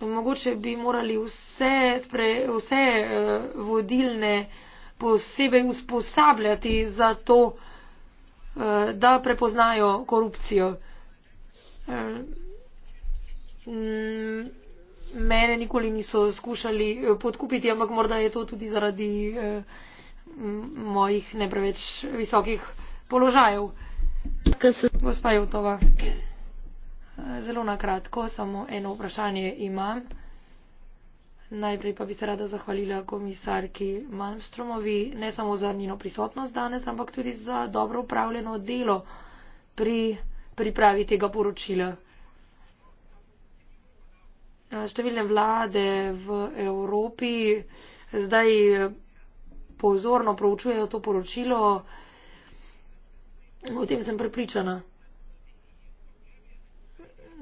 Mogoče bi morali vse, spre, vse uh, vodilne posebej usposabljati za to, eh, da prepoznajo korupcijo. Eh, mm, mene nikoli niso skušali eh, podkupiti, ampak morda je to tudi zaradi mojih ne preveč visokih položajev. Gospa Jotova, zelo na kratko, samo eno vprašanje imam najprej pa bi se rada zahvalila komisarki Malmstromovi ne samo za njeno prisotnost danes, ampak tudi za dobro upravljeno delo pri pripravi tega poročila. Eh, številne vlade v Evropi zdaj pozorno proučujejo to poročilo. O tem sem prepričana.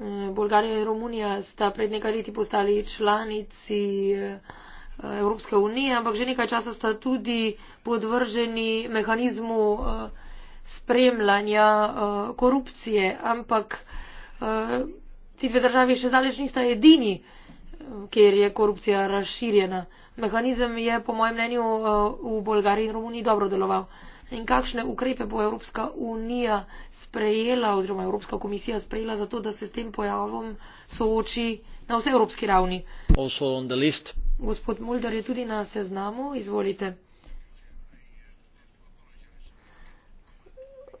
Eh, Bolgarija in Romunija sta pred nekaj leti postali članici eh, Evropske unije, ampak že nekaj časa sta tudi podvrženi mehanizmu eh, spremljanja korupcije. Ampak ti dve državi še zdaleč nista edini, kjer je korupcija razširjena. Mehanizem je, po mojem mnenju, v Bolgariji in Romuniji dobro deloval in kakšne ukrepe bo Evropska unija sprejela oziroma Evropska komisija sprejela za to, da se s tem pojavom sooči na vse evropski ravni. Gospod Mulder je tudi na seznamu, izvolite.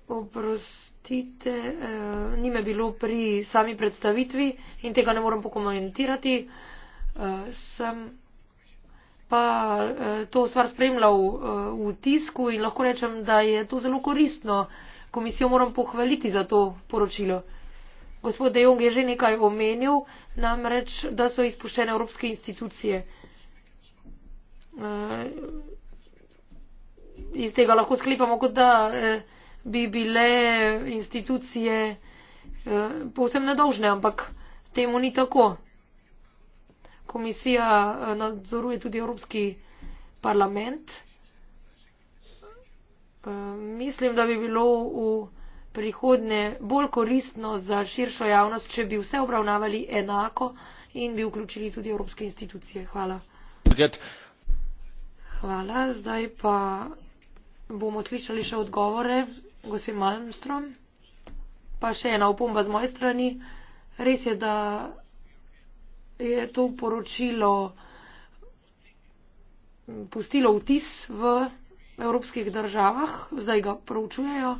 Oprostite, eh, ni me bilo pri sami predstavitvi in tega ne moram pokomentirati. Eh, pa eh, to stvar spremljal eh, v tisku in lahko rečem, da je to zelo koristno. Komisijo moram pohvaliti za to poročilo. Gospod De Jong je že nekaj omenil, namreč, da so izpuščene evropske institucije. Eh, iz tega lahko sklepamo, kot da bi bile institucije povsem nedolžne, ampak temu ni tako komisija eh, nadzoruje tudi Evropski parlament. Eh, mislim, da bi bilo v prihodnje bolj koristno za širšo javnost, če bi vse obravnavali enako in bi vključili tudi evropske institucije. Hvala. Hvala. Zdaj pa bomo slišali še odgovore gospe Malmstrom. Pa še ena opomba z moje strani. Res je, da je to poročilo pustilo vtis v evropskih državah, zdaj ga proučujejo.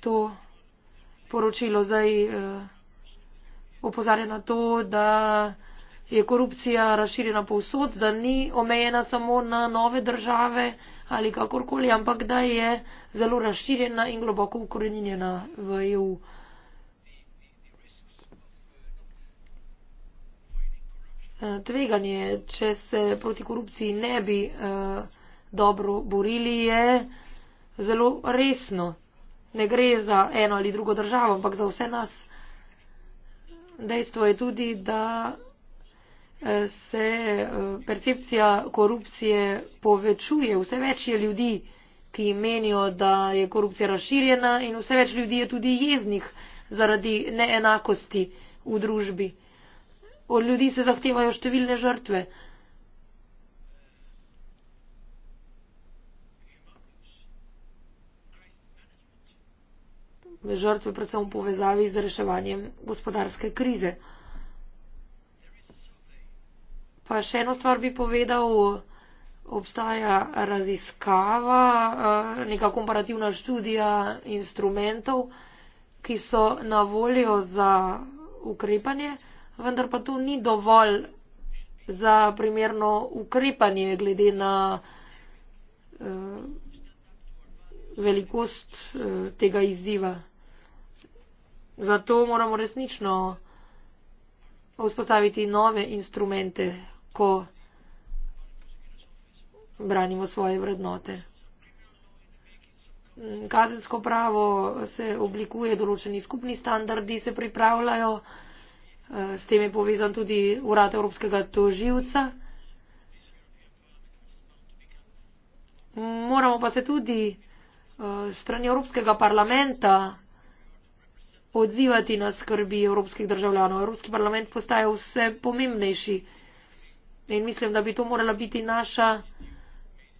To poročilo zdaj eh, opozarja na to, da je korupcija razširjena povsod, da ni omejena samo na nove države ali kakorkoli, ampak da je zelo razširjena in globoko ukorenjena v EU. E, tveganje, če se proti korupciji ne bi eh, dobro borili, je zelo resno. Ne gre za eno ali drugo državo, ampak za vse nas. Dejstvo je tudi, da se eh, percepcija korupcije povečuje. Vse več je ljudi, ki menijo, da je korupcija razširjena in vse več ljudi je tudi jeznih zaradi neenakosti v družbi. Od ljudi se zahtevajo številne žrtve. Žrtve predvsem v povezavi z reševanjem gospodarske krize. Pa še eno stvar bi povedal, obstaja raziskava, eh, neka komparativna študija instrumentov, ki so na voljo za ukrepanje, vendar pa to ni dovolj za primerno ukrepanje glede na uh, velikost uh, tega izziva. Zato moramo resnično vzpostaviti nove instrumente, ko branimo svoje vrednote. Mm, kazensko pravo se oblikuje, določeni skupni standardi se pripravljajo, eh, s tem je povezan tudi urad Evropskega toživca. Moramo pa se tudi eh, strani Evropskega parlamenta odzivati na skrbi evropskih državljanov. Evropski parlament postaje vse pomembnejši. In mislim, da bi to morala biti naša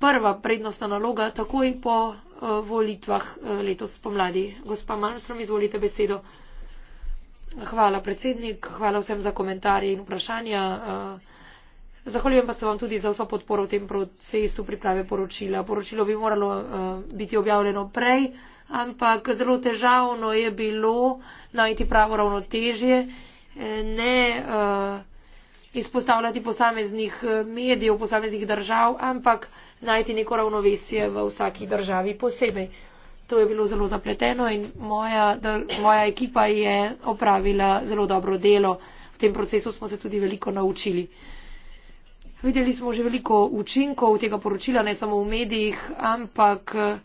prva prednostna naloga takoj po uh, volitvah uh, letos pomladi. Gospa Malmström, izvolite besedo. Hvala, predsednik, hvala vsem za komentarje in vprašanja. Uh, zahvaljujem pa se vam tudi za vso podporo v tem procesu priprave poročila. Poročilo bi moralo uh, biti objavljeno prej, ampak zelo težavno je bilo najti pravo ravnotežje. Ne, uh, izpostavljati posameznih eh, medijev, posameznih držav, ampak najti neko ravnovesje v vsaki državi posebej. To je bilo zelo zapleteno in moja, da, moja ekipa je opravila zelo dobro delo. V tem procesu smo se tudi veliko naučili. Videli smo že veliko učinkov tega poročila, ne samo v medijih, ampak eh,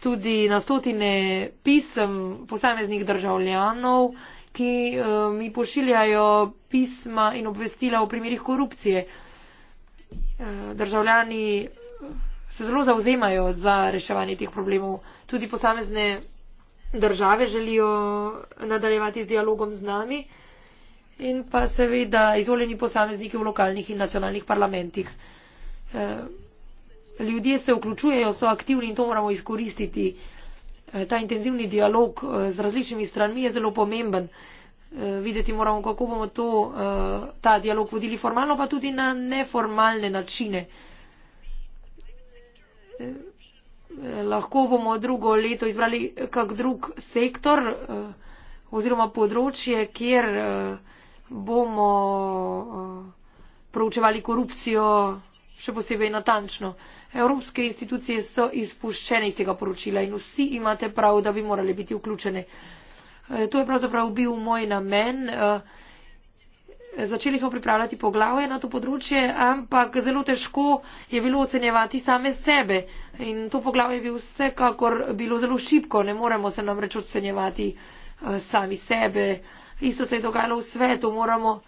tudi na stotine pisem posameznih državljanov ki eh, mi pošiljajo pisma in obvestila o primerih korupcije. Eh, državljani se zelo zauzemajo za reševanje teh problemov. Tudi posamezne države želijo nadaljevati z dialogom z nami in pa seveda izvoljeni posamezniki v lokalnih in nacionalnih parlamentih. Eh, ljudje se vključujejo, so aktivni in to moramo izkoristiti. Eh, ta intenzivni dialog eh, z različnimi stranmi je zelo pomemben. Eh, videti moramo, kako bomo to, ta dialog vodili formalno, pa tudi na neformalne načine. Lahko bomo drugo leto izbrali kak drug sektor oziroma področje, kjer bomo proučevali korupcijo še posebej natančno. Evropske institucije so izpuščene iz tega poročila in vsi imate prav, da bi morali biti vključene. E, to je pravzaprav bil moj namen. E, začeli smo pripravljati poglavje na to področje, ampak zelo težko je bilo ocenjevati same sebe. In to poglavje je bilo vsekakor bilo zelo šipko, ne moremo se namreč ocenjevati e, sami sebe. Isto se je dogajalo v svetu, moramo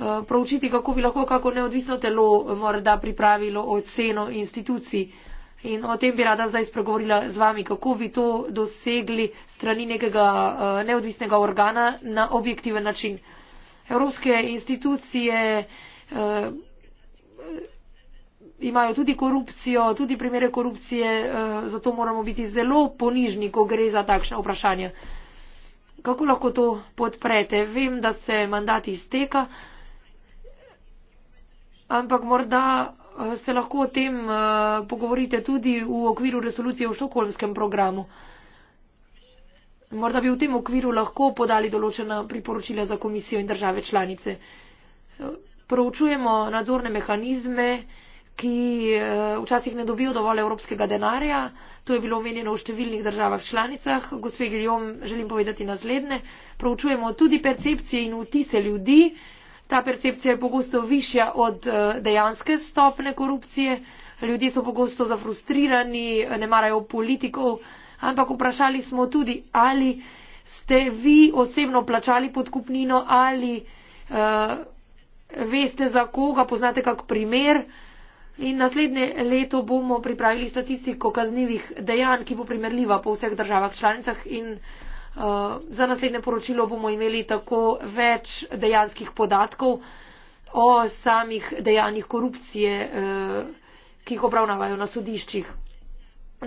Eh, proučiti, kako bi lahko kako neodvisno telo morda pripravilo oceno institucij. In o tem bi rada zdaj spregovorila z vami, kako bi to dosegli strani nekega eh, neodvisnega organa na objektiven način. Evropske institucije eh, imajo tudi korupcijo, tudi primere korupcije, eh, zato moramo biti zelo ponižni, ko gre za takšne vprašanja. Kako lahko to podprete? Vem, da se mandati izteka ampak morda eh, se lahko o tem eh, pogovorite tudi v okviru resolucije v šokolskem programu. Morda bi v tem okviru lahko podali določena priporočila za komisijo in države članice. Proučujemo nadzorne mehanizme, ki eh, včasih ne dobijo dovolj evropskega denarja. To je bilo omenjeno v številnih državah članicah. Gospe Giljom, želim povedati naslednje. Proučujemo tudi percepcije in vtise ljudi, ta percepcija je pogosto višja od eh, dejanske stopne korupcije. Ljudje so pogosto zafrustrirani, ne marajo politikov, ampak vprašali smo tudi, ali ste vi osebno plačali podkupnino ali uh, veste za koga, poznate kak primer. In naslednje leto bomo pripravili statistiko kaznjivih dejanj, ki bo primerljiva po vseh državah članicah in Eh, za naslednje poročilo bomo imeli tako več dejanskih podatkov o samih dejanjih korupcije, eh, ki jih obravnavajo na sodiščih.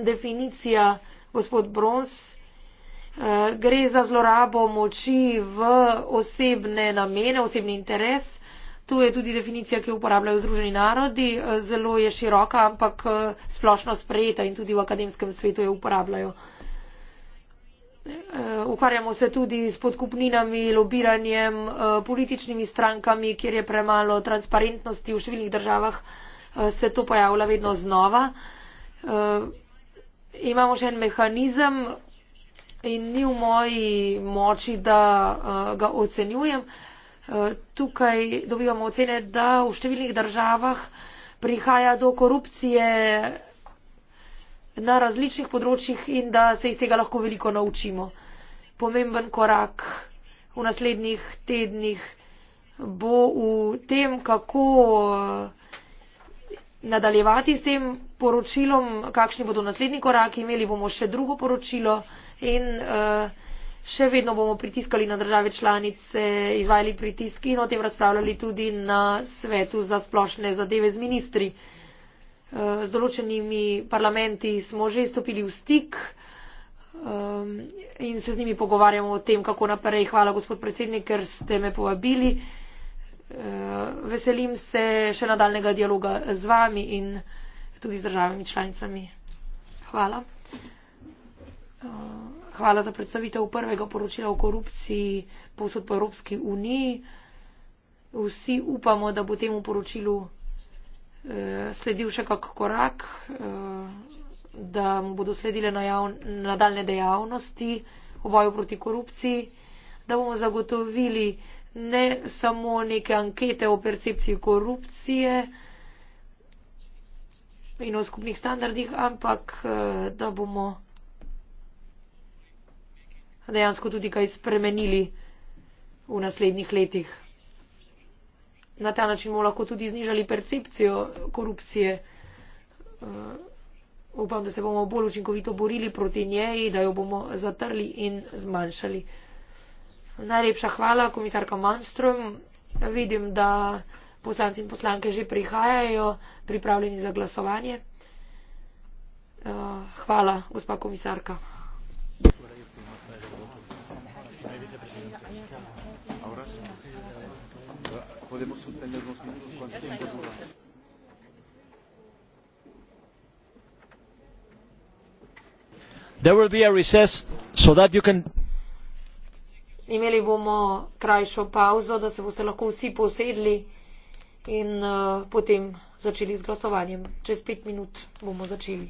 Definicija, gospod Brons, eh, gre za zlorabo moči v osebne namene, osebni interes. To je tudi definicija, ki jo uporabljajo Združeni narodi. Zelo je široka, ampak splošno sprejeta in tudi v akademskem svetu jo uporabljajo. Eh, ukvarjamo se tudi s podkupninami, lobiranjem, eh, političnimi strankami, kjer je premalo transparentnosti v številnih državah, eh, se to pojavlja vedno znova. Imamo še en mehanizem in ni v moji moči, da ga ocenjujem. Tukaj dobivamo ocene, da v številnih državah prihaja do korupcije na različnih področjih in da se iz tega lahko veliko naučimo. Pomemben korak v naslednjih tednih bo v tem, kako eh, nadaljevati s tem poročilom, kakšni bodo naslednji koraki, imeli bomo še drugo poročilo in eh, še vedno bomo pritiskali na države članice, izvajali pritiski in o tem razpravljali tudi na svetu za splošne zadeve z ministri z določenimi parlamenti smo že stopili v stik um, in se z njimi pogovarjamo o tem, kako naprej. Hvala, gospod predsednik, ker ste me povabili. Uh, veselim se še nadaljnega dialoga z vami in tudi z državami članicami. Hvala. Uh, hvala za predstavitev prvega poročila o korupciji posod po Evropski uniji. Vsi upamo, da bo temu poročilu. Eh, sledil še kak korak, eh, da mu bodo sledile nadaljne dejavnosti v boju proti korupciji, da bomo zagotovili ne samo neke ankete o percepciji korupcije in o skupnih standardih, ampak eh, da bomo dejansko tudi kaj spremenili v naslednjih letih na ta način bomo lahko tudi znižali percepcijo korupcije. Eh, upam, da se bomo bolj učinkovito borili proti njej, da jo bomo zatrli in zmanjšali. Najlepša hvala, komisarka Manström. Vidim, da poslanci in poslanke že prihajajo, pripravljeni za glasovanje. Eh, hvala, gospa komisarka. Hvala. Podemos obtener dos minutos con cinco dudas. There will be a recess so that you can Imeli bomo krajšo pauzo, da se boste lahko vsi posedli in uh, potem začeli z glasovanjem. Čez pet minut bomo začeli.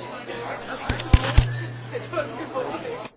Det var ikke så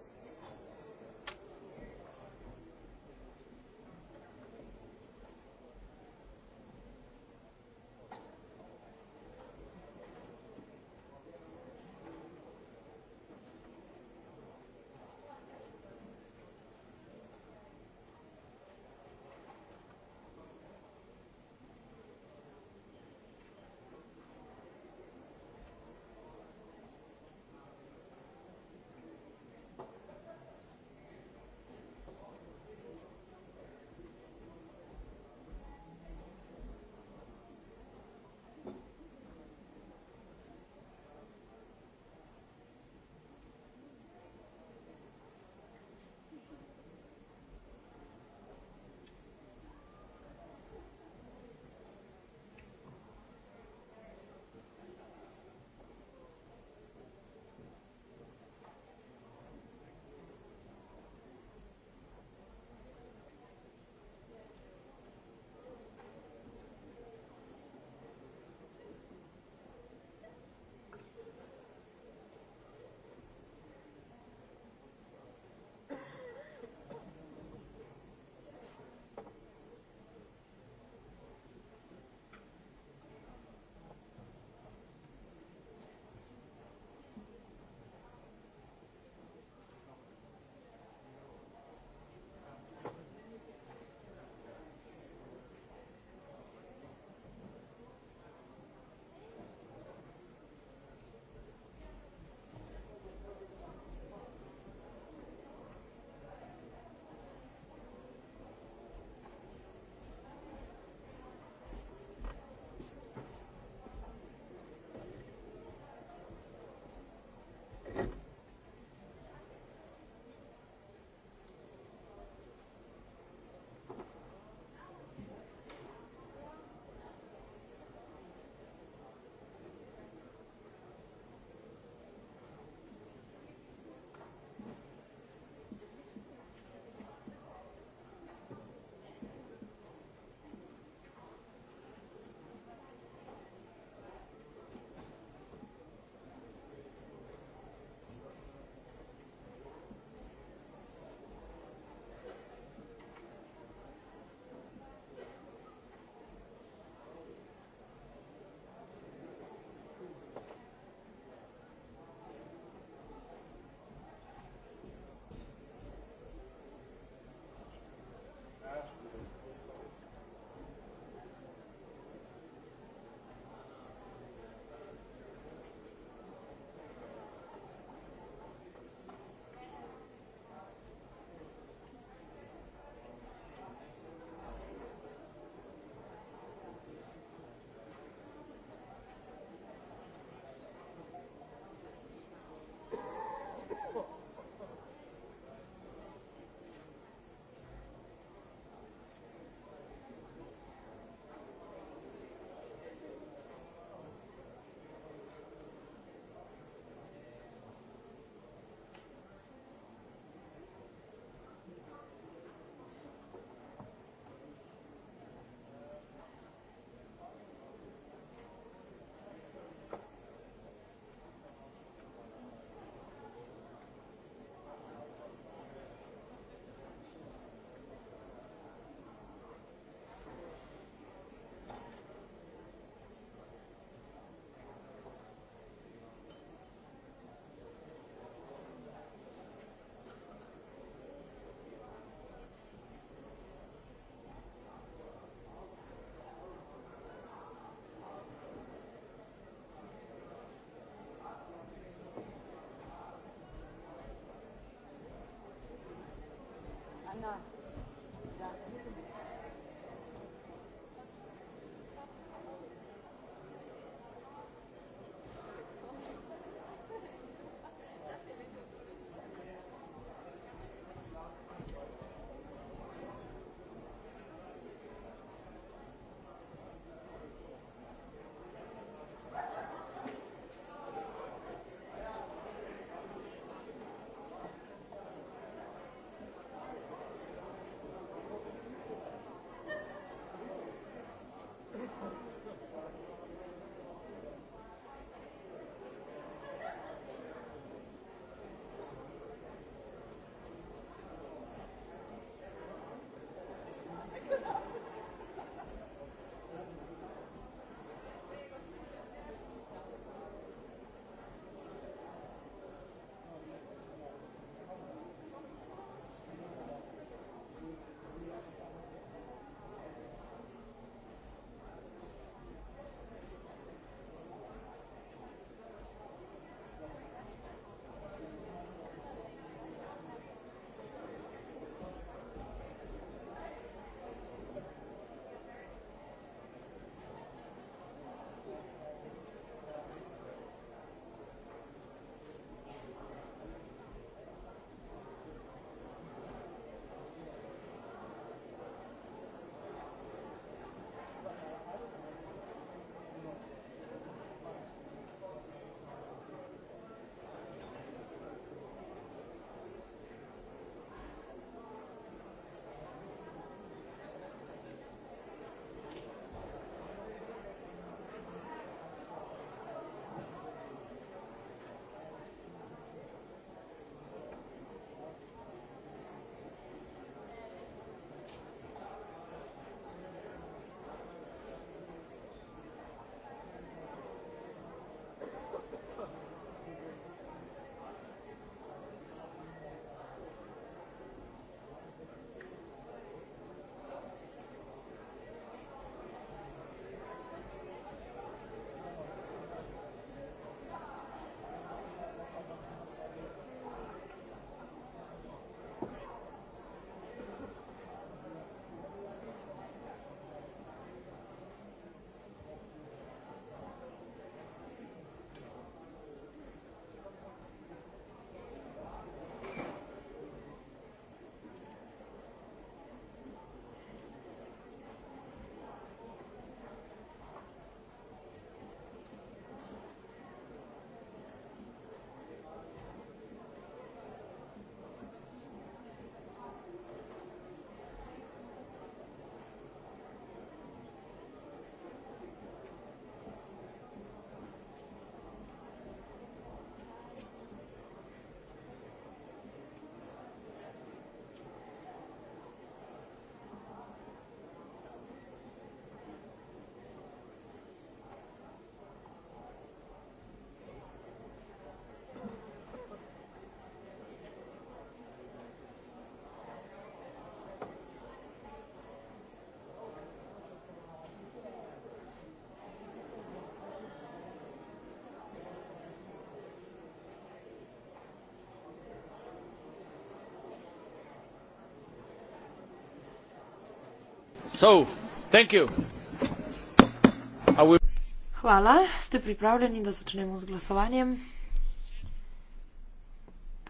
Hvala. Ste pripravljeni, da začnemo z glasovanjem?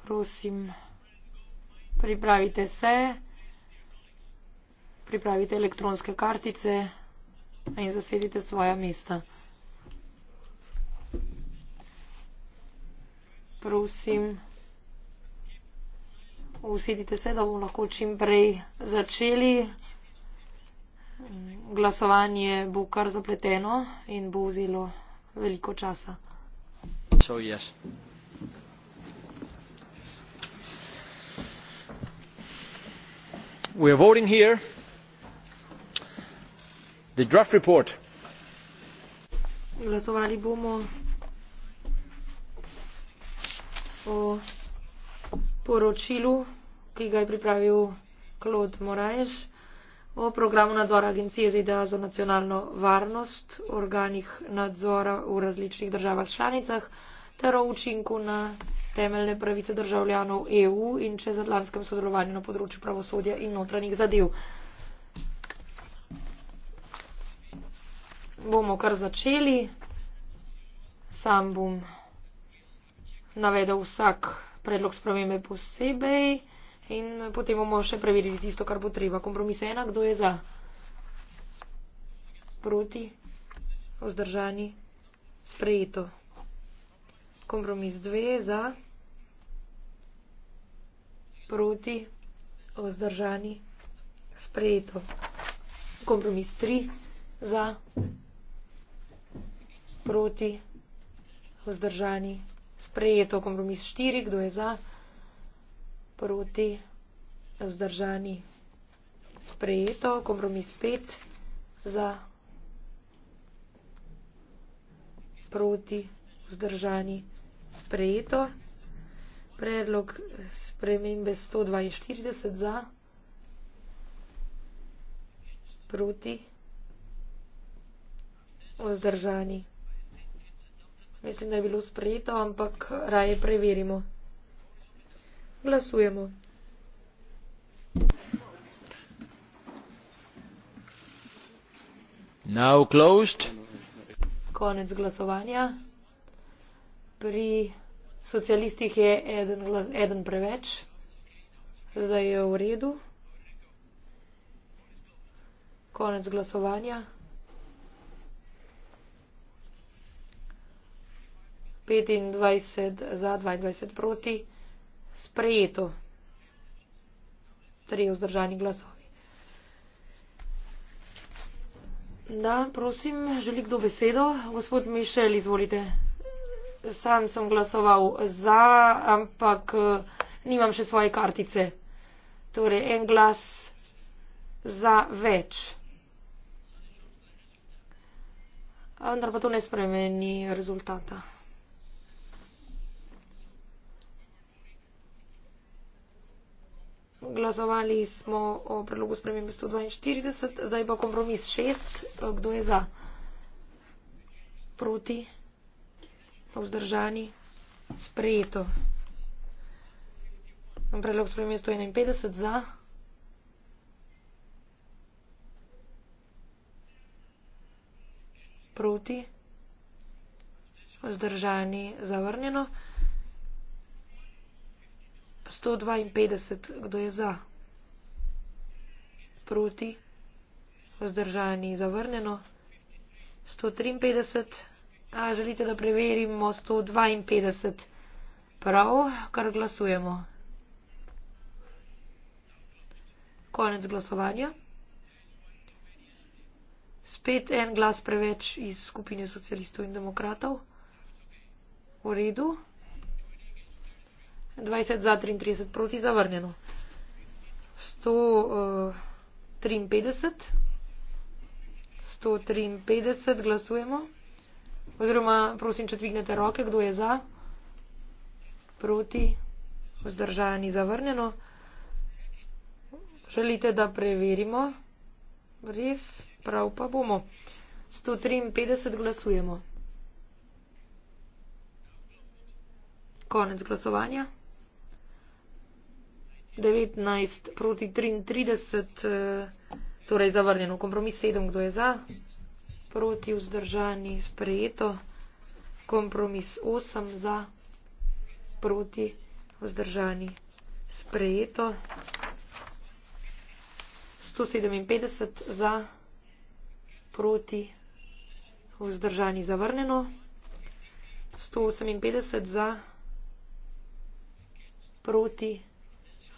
Prosim, pripravite se, pripravite elektronske kartice in zasedite svoja mesta. Prosim, usedite se, da bomo lahko čim prej začeli glasovanje bo kar zapleteno in bo vzelo veliko časa. So, yes. We are voting here. The draft report. Glasovali bomo o poročilu, ki ga je pripravil Claude Moraes o programu nadzora agencije ZDA za nacionalno varnost, organih nadzora v različnih državah članicah ter o učinku na temeljne pravice državljanov EU in čezatlantskem sodelovanju na področju pravosodja in notranjih zadev. Bomo kar začeli. Sam bom navedel vsak predlog spremembe posebej in potem bomo še preverili tisto, kar bo treba. Kompromis je ena, kdo je za? Proti? Vzdržani? Sprejeto. Kompromis dve je za? Proti? Vzdržani? Sprejeto. Kompromis tri za? Proti? Vzdržani? Sprejeto. Kompromis štiri, kdo je za? proti vzdržani sprejeto, kompromis pet za proti vzdržani sprejeto, predlog spremembe 142 za proti vzdržani. Mislim, da je bilo sprejeto, ampak raje preverimo glasujemo. Konec glasovanja. Pri socialistih je eden, glas, eden preveč, zdaj je v redu. Konec glasovanja. 25 za, 22 proti sprejeto. Tri vzdržani glasovi. Da, prosim, želi kdo besedo? Gospod Mišel, izvolite. Sam sem glasoval za, ampak eh, nimam še svoje kartice. Torej, en glas za več. Vendar pa to ne spremeni rezultata. glasovali smo o predlogu spremembe 142, zdaj pa kompromis 6. Kdo je za? Proti? Pa vzdržani? Sprejeto. Predlog spremembe 151 za. Proti? Vzdržani? Zavrnjeno. 152, kdo je za, proti, vzdržani, zavrnjeno. 153, a želite, da preverimo 152, prav, kar glasujemo. Konec glasovanja. Spet en glas preveč iz skupine socialistov in demokratov. V redu. 20 za, 33 proti zavrnjeno. 153. 153 eh, glasujemo. Oziroma, prosim, če dvignete roke, kdo je za, proti, vzdržani, zavrnjeno. Želite, da preverimo? Res, prav pa bomo. 153 glasujemo. Konec glasovanja. 19 proti 33, eh, torej zavrnjeno. Kompromis 7, kdo je za? Proti vzdržani, sprejeto. Kompromis 8 za, proti vzdržani, sprejeto. 157 za, proti vzdržani, zavrnjeno. 158 za, proti vzdržani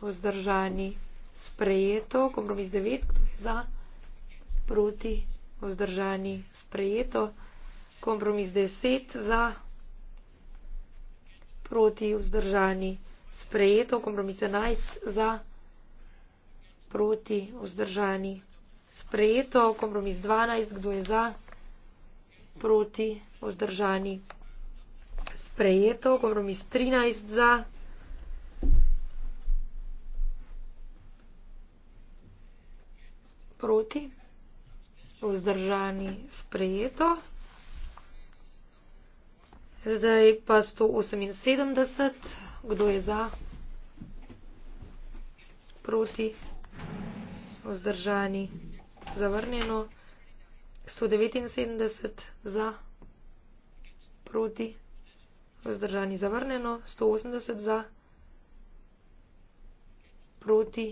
vzdržani. Sprejeto, kompromis 9, kdo je za, proti, vzdržani, sprejeto, kompromis 10 za, proti, vzdržani, sprejeto, kompromis 11 za, proti, vzdržani, sprejeto, kompromis 12, kdo je za, proti, vzdržani, sprejeto, kompromis 13 za, proti, vzdržani, sprejeto, proti, vzdržani sprejeto. Zdaj pa 178, kdo je za, proti, vzdržani, zavrnjeno, 179 za, proti, vzdržani, zavrnjeno, 180 za, proti,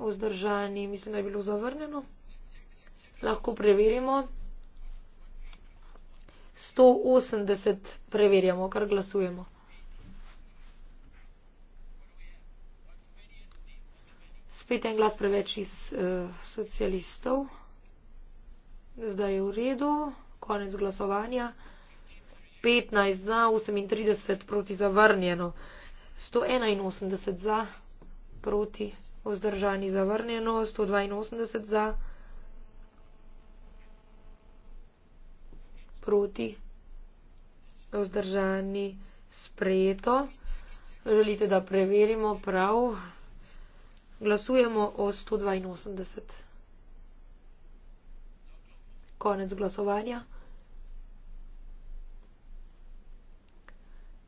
vzdržani, mislim, da je bilo zavrnjeno. Lahko preverimo. 180 preverjamo, kar glasujemo. Spet en glas preveč iz uh, socialistov. Zdaj je v redu, konec glasovanja. 15 za, 38 proti zavrnjeno, 181 za, proti vzdržani zavrnjeno, 182 za, proti, vzdržani sprejeto. Želite, da preverimo prav? Glasujemo o 182. Konec glasovanja.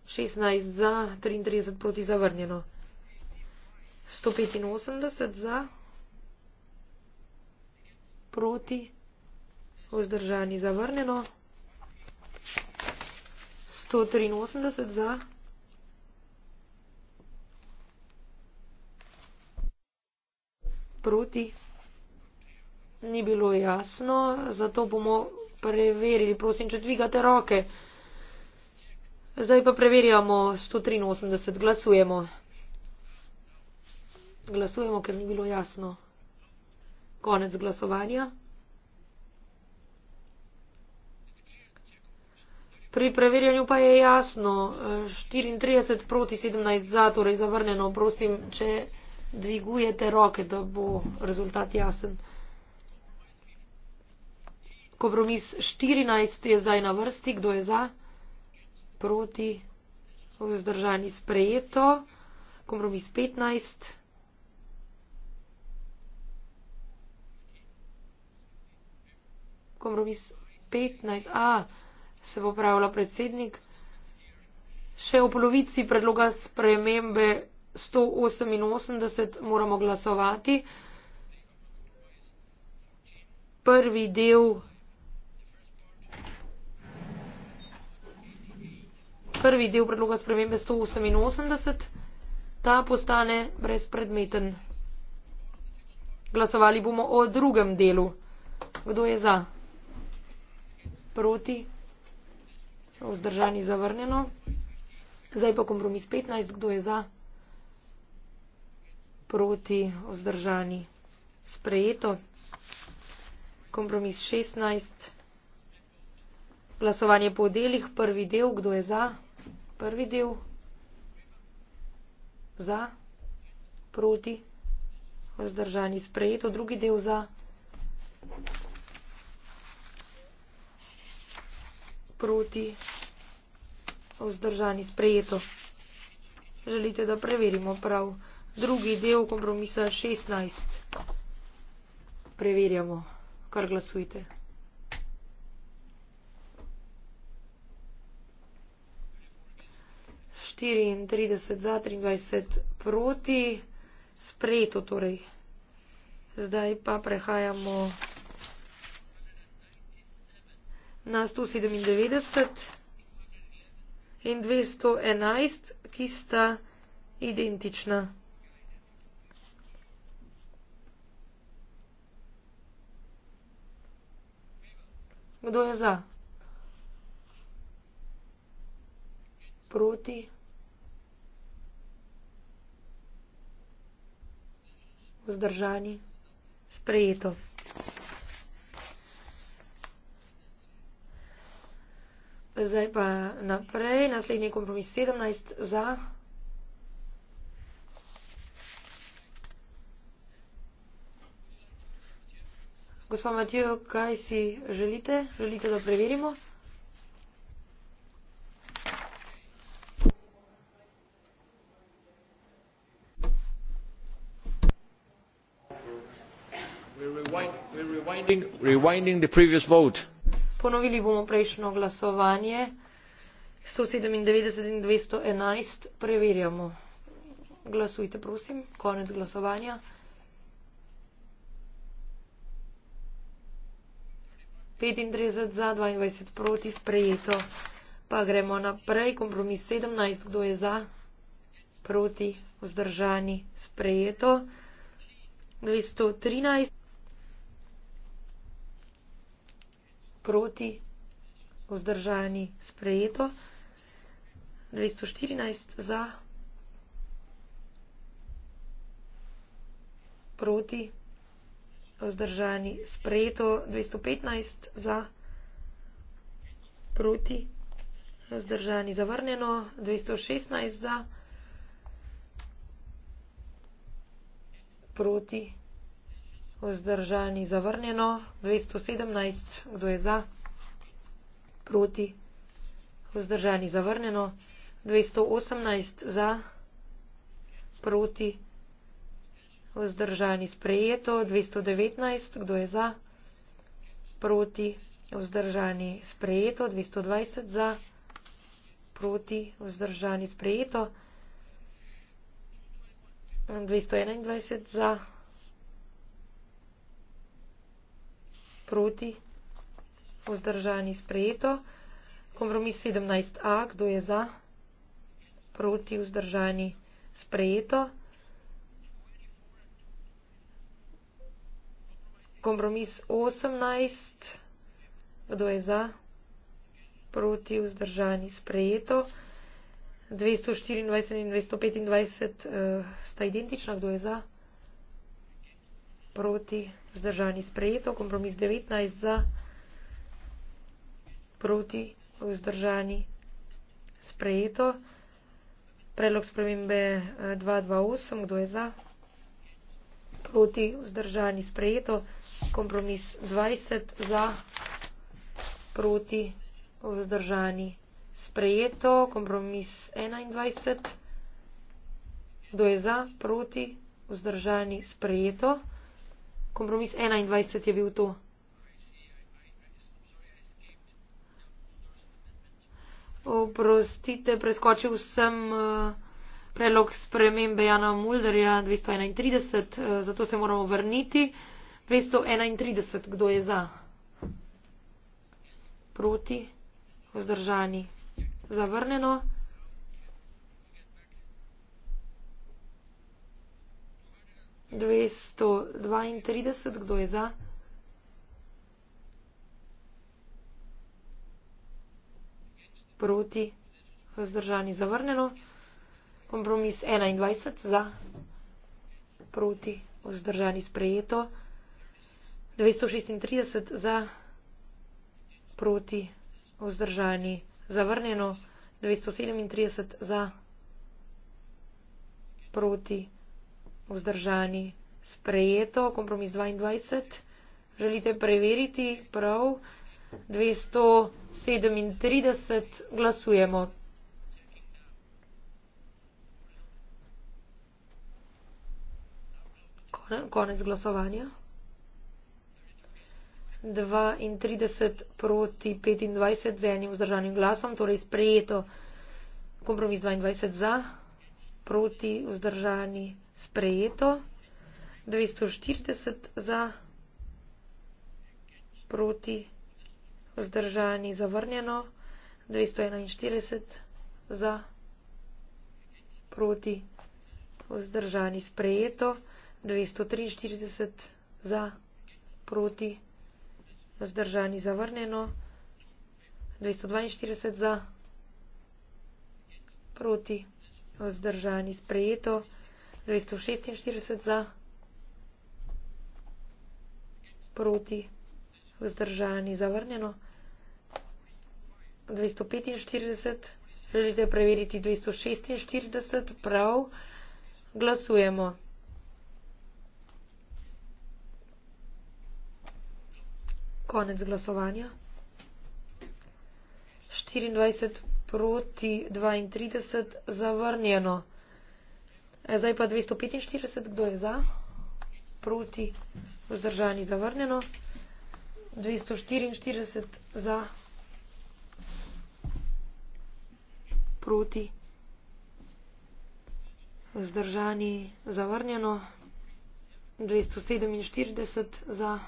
16 za, 33 proti zavrnjeno. 185 za, proti, vzdržani zavrnjeno, 183 za, proti, ni bilo jasno, zato bomo preverili, prosim, če dvigate roke. Zdaj pa preverjamo 183, glasujemo. Glasujemo, ker ni bilo jasno. Konec glasovanja. Pri preverjanju pa je jasno, 34 proti 17 za, torej zavrnjeno. Prosim, če dvigujete roke, da bo rezultat jasen. Kompromis 14 je zdaj na vrsti. Kdo je za? Proti. Vzdržani sprejeto. Kompromis 15. kompromis 15a se bo pravila predsednik. Še v polovici predloga spremembe 188 moramo glasovati. Prvi del, prvi del predloga spremembe 188, ta postane brezpredmeten. Glasovali bomo o drugem delu. Kdo je za? proti, vzdržani zavrnjeno. Zdaj pa kompromis 15, kdo je za, proti, vzdržani sprejeto. Kompromis 16, glasovanje po delih, prvi del, kdo je za, prvi del, za, proti, vzdržani sprejeto, drugi del za. proti vzdržani sprejeto. Želite, da preverimo prav drugi del kompromisa 16. Preverjamo, kar glasujte. Štiriintrideset za, trindvajset proti, sprejeto torej. Zdaj pa prehajamo na 197 in 211, ki sta identična. Kdo je za? Proti? Vzdržani? Sprejeto. Zdaj pa naprej, naslednji kompromis 17 za. Gospod Matijo, kaj si želite? Želite, da preverimo? Rewinding, rewinding the previous vote ponovili bomo prejšnjo glasovanje. 197 in 211 preverjamo. Glasujte, prosim. Konec glasovanja. Petindrezet za, dvajset proti, sprejeto. Pa gremo naprej. Kompromis sedemnajst, kdo je za, proti, vzdržani, sprejeto. Dvesto trinajst. proti, vzdržani, sprejeto, 214 za, proti, vzdržani, sprejeto, 215 za, proti, vzdržani, zavrnjeno, 216 za, proti, vzdržani, sprejeto, 215 za, proti, vzdržani, zavrnjeno, 216 za, proti, vzdržani zavrnjeno, 217, kdo je za, proti, vzdržani zavrnjeno, 218 za, proti, vzdržani sprejeto, 219, kdo je za, proti, vzdržani sprejeto, 220 za, proti, vzdržani sprejeto, 221 za, proti, vzdržani sprejeto. Kompromis 17a, kdo je za, proti, vzdržani sprejeto. Kompromis 18, kdo je za, proti, vzdržani sprejeto. 224 in 225 uh, eh, sta identična, kdo je za proti, vzdržani sprejeto, kompromis 19 za, proti, vzdržani sprejeto, predlog spremembe 228, eh, kdo je za, proti, vzdržani sprejeto, kompromis 20 za, proti, vzdržani sprejeto, kompromis 21, kdo je za, proti, vzdržani sprejeto kompromis 21 je bil to. Oprostite, preskočil sem eh, predlog spremembe Jana Mulderja 231, eh, zato se moramo vrniti. 231, kdo je za? Proti? Vzdržani? Zavrneno? 231. 232, kdo je za? Proti, vzdržani, zavrnjeno. Kompromis 21 za, proti, vzdržani, sprejeto. 236 za, proti, vzdržani, zavrnjeno. 237 za, proti, vzdržani vzdržani. Sprejeto, kompromis 22, želite preveriti, prav, 237, glasujemo. Konec glasovanja. 32 proti 25 z enim vzdržanim glasom, torej sprejeto. Kompromis 22 za, proti vzdržani sprejeto, 240 za, proti, vzdržani, zavrnjeno, 241 za, proti, vzdržani, sprejeto, 243 za, proti, vzdržani, zavrnjeno, 242 za, proti, vzdržani, sprejeto, 243 za, proti, vzdržani, sprejeto, 246 za, proti, vzdržani, zavrnjeno. 245, želite preveriti 246, prav, glasujemo. Konec glasovanja. 24 proti 32, zavrnjeno. Eh, zdaj pa 245, kdo je za, proti, vzdržani, zavrnjeno. 244 za, proti, vzdržani, zavrnjeno. 247 za,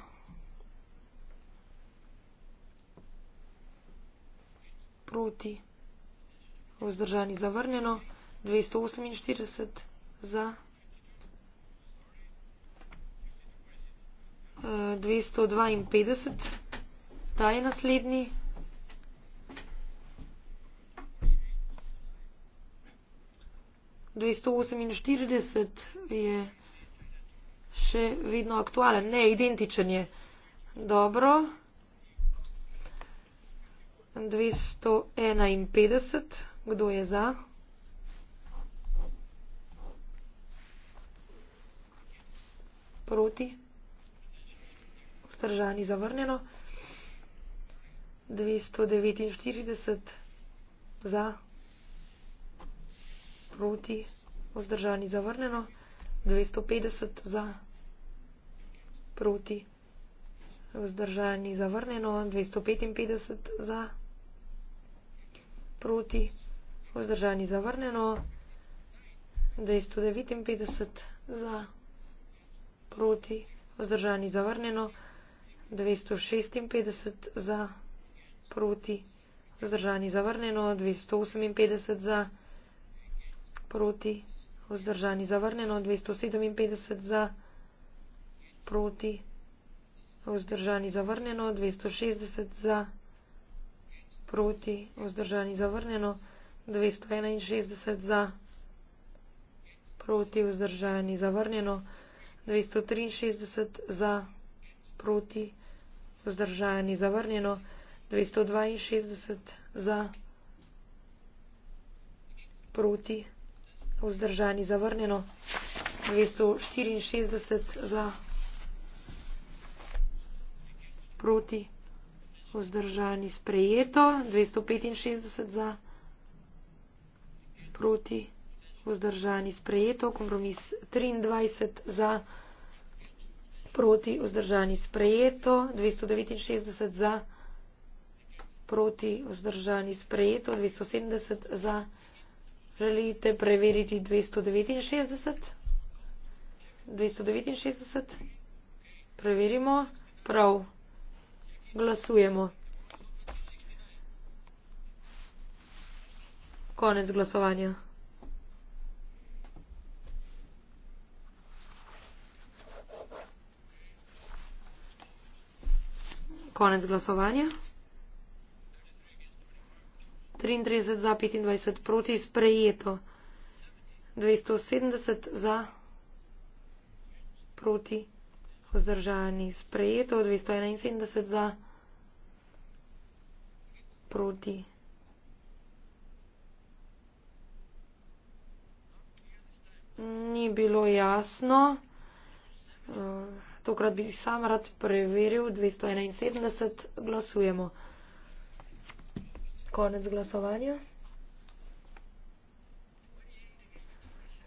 proti, vzdržani, zavrnjeno. 248 za e, dvesto dvainpetdeset. Ta je naslednji. dvesto oseminštirideset je še vedno aktualen. Ne, identičen je. Dobro. dvesto enainpetdeset. Kdo je za? proti, vzdržani zavrnjeno, 249 za, proti, vzdržani zavrnjeno, 250 za, proti, vzdržani zavrnjeno, 255 za, proti, vzdržani zavrnjeno, 259 za, proti, proti, vzdržani zavrnjeno, 256 za, proti, vzdržani zavrnjeno, 258 za, proti, vzdržani zavrnjeno, 257 za, proti, vzdržani zavrnjeno, 260 za, proti, vzdržani zavrnjeno, 261 za, proti, vzdržani zavrnjeno, 261 za, proti, 263 za, proti, vzdržani, zavrnjeno, 262 za, proti, vzdržani, zavrnjeno, 264 za, proti, vzdržani, sprejeto, 265 za, proti, vzdržani, vzdržani, sprejeto, kompromis 23 za, proti vzdržani, sprejeto, 269 za, proti vzdržani, sprejeto, 270 za, želite preveriti 269? 269? Preverimo, prav, glasujemo. Konec glasovanja. Konec glasovanja. 33 za, 25 proti, sprejeto. 270 za, proti, vzdržani, sprejeto. 271 za, proti. Ni bilo jasno. Uh. Tokrat bi sam rad preveril 271. Glasujemo. Konec glasovanja.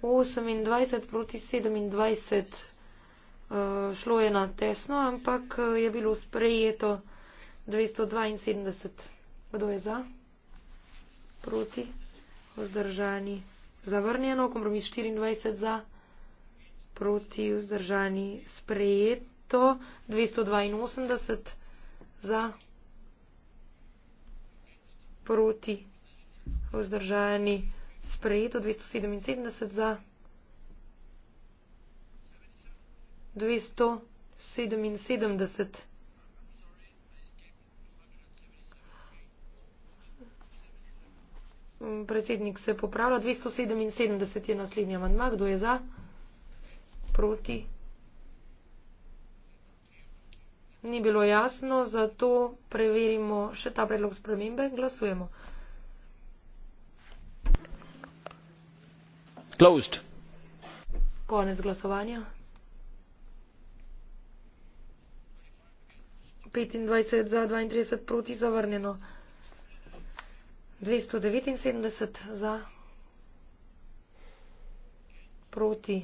28 proti 27. Eh, šlo je na tesno, ampak eh, je bilo sprejeto 272. Kdo je za? Proti. Vzdržani. Zavrnjeno. Kompromis 24 za proti vzdržani sprejeto 282 za proti vzdržani sprejeto 277 za 277 predsednik se popravlja 277 je naslednji amandma kdo je za proti. Ni bilo jasno, zato preverimo še ta predlog spremembe in glasujemo. Closed. Konec glasovanja. 25 za 32 proti zavrnjeno. 279 za proti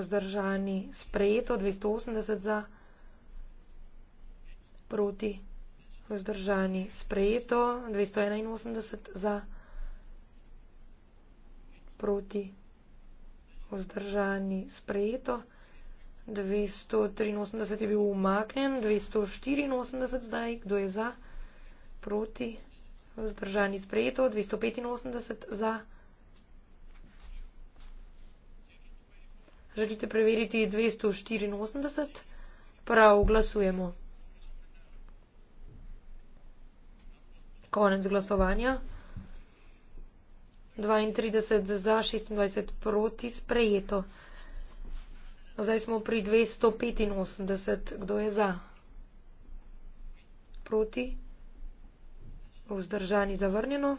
vzdržani, sprejeto 280 za, proti vzdržani, sprejeto 281 za, proti vzdržani, sprejeto 283 je bil umaknen, 284 zdaj, kdo je za, proti vzdržani, sprejeto 285 za. Želite preveriti 284? Prav, glasujemo. Konec glasovanja. 32 za, 26 proti, sprejeto. Zdaj smo pri 285. Kdo je za? Proti? Vzdržani zavrnjeno.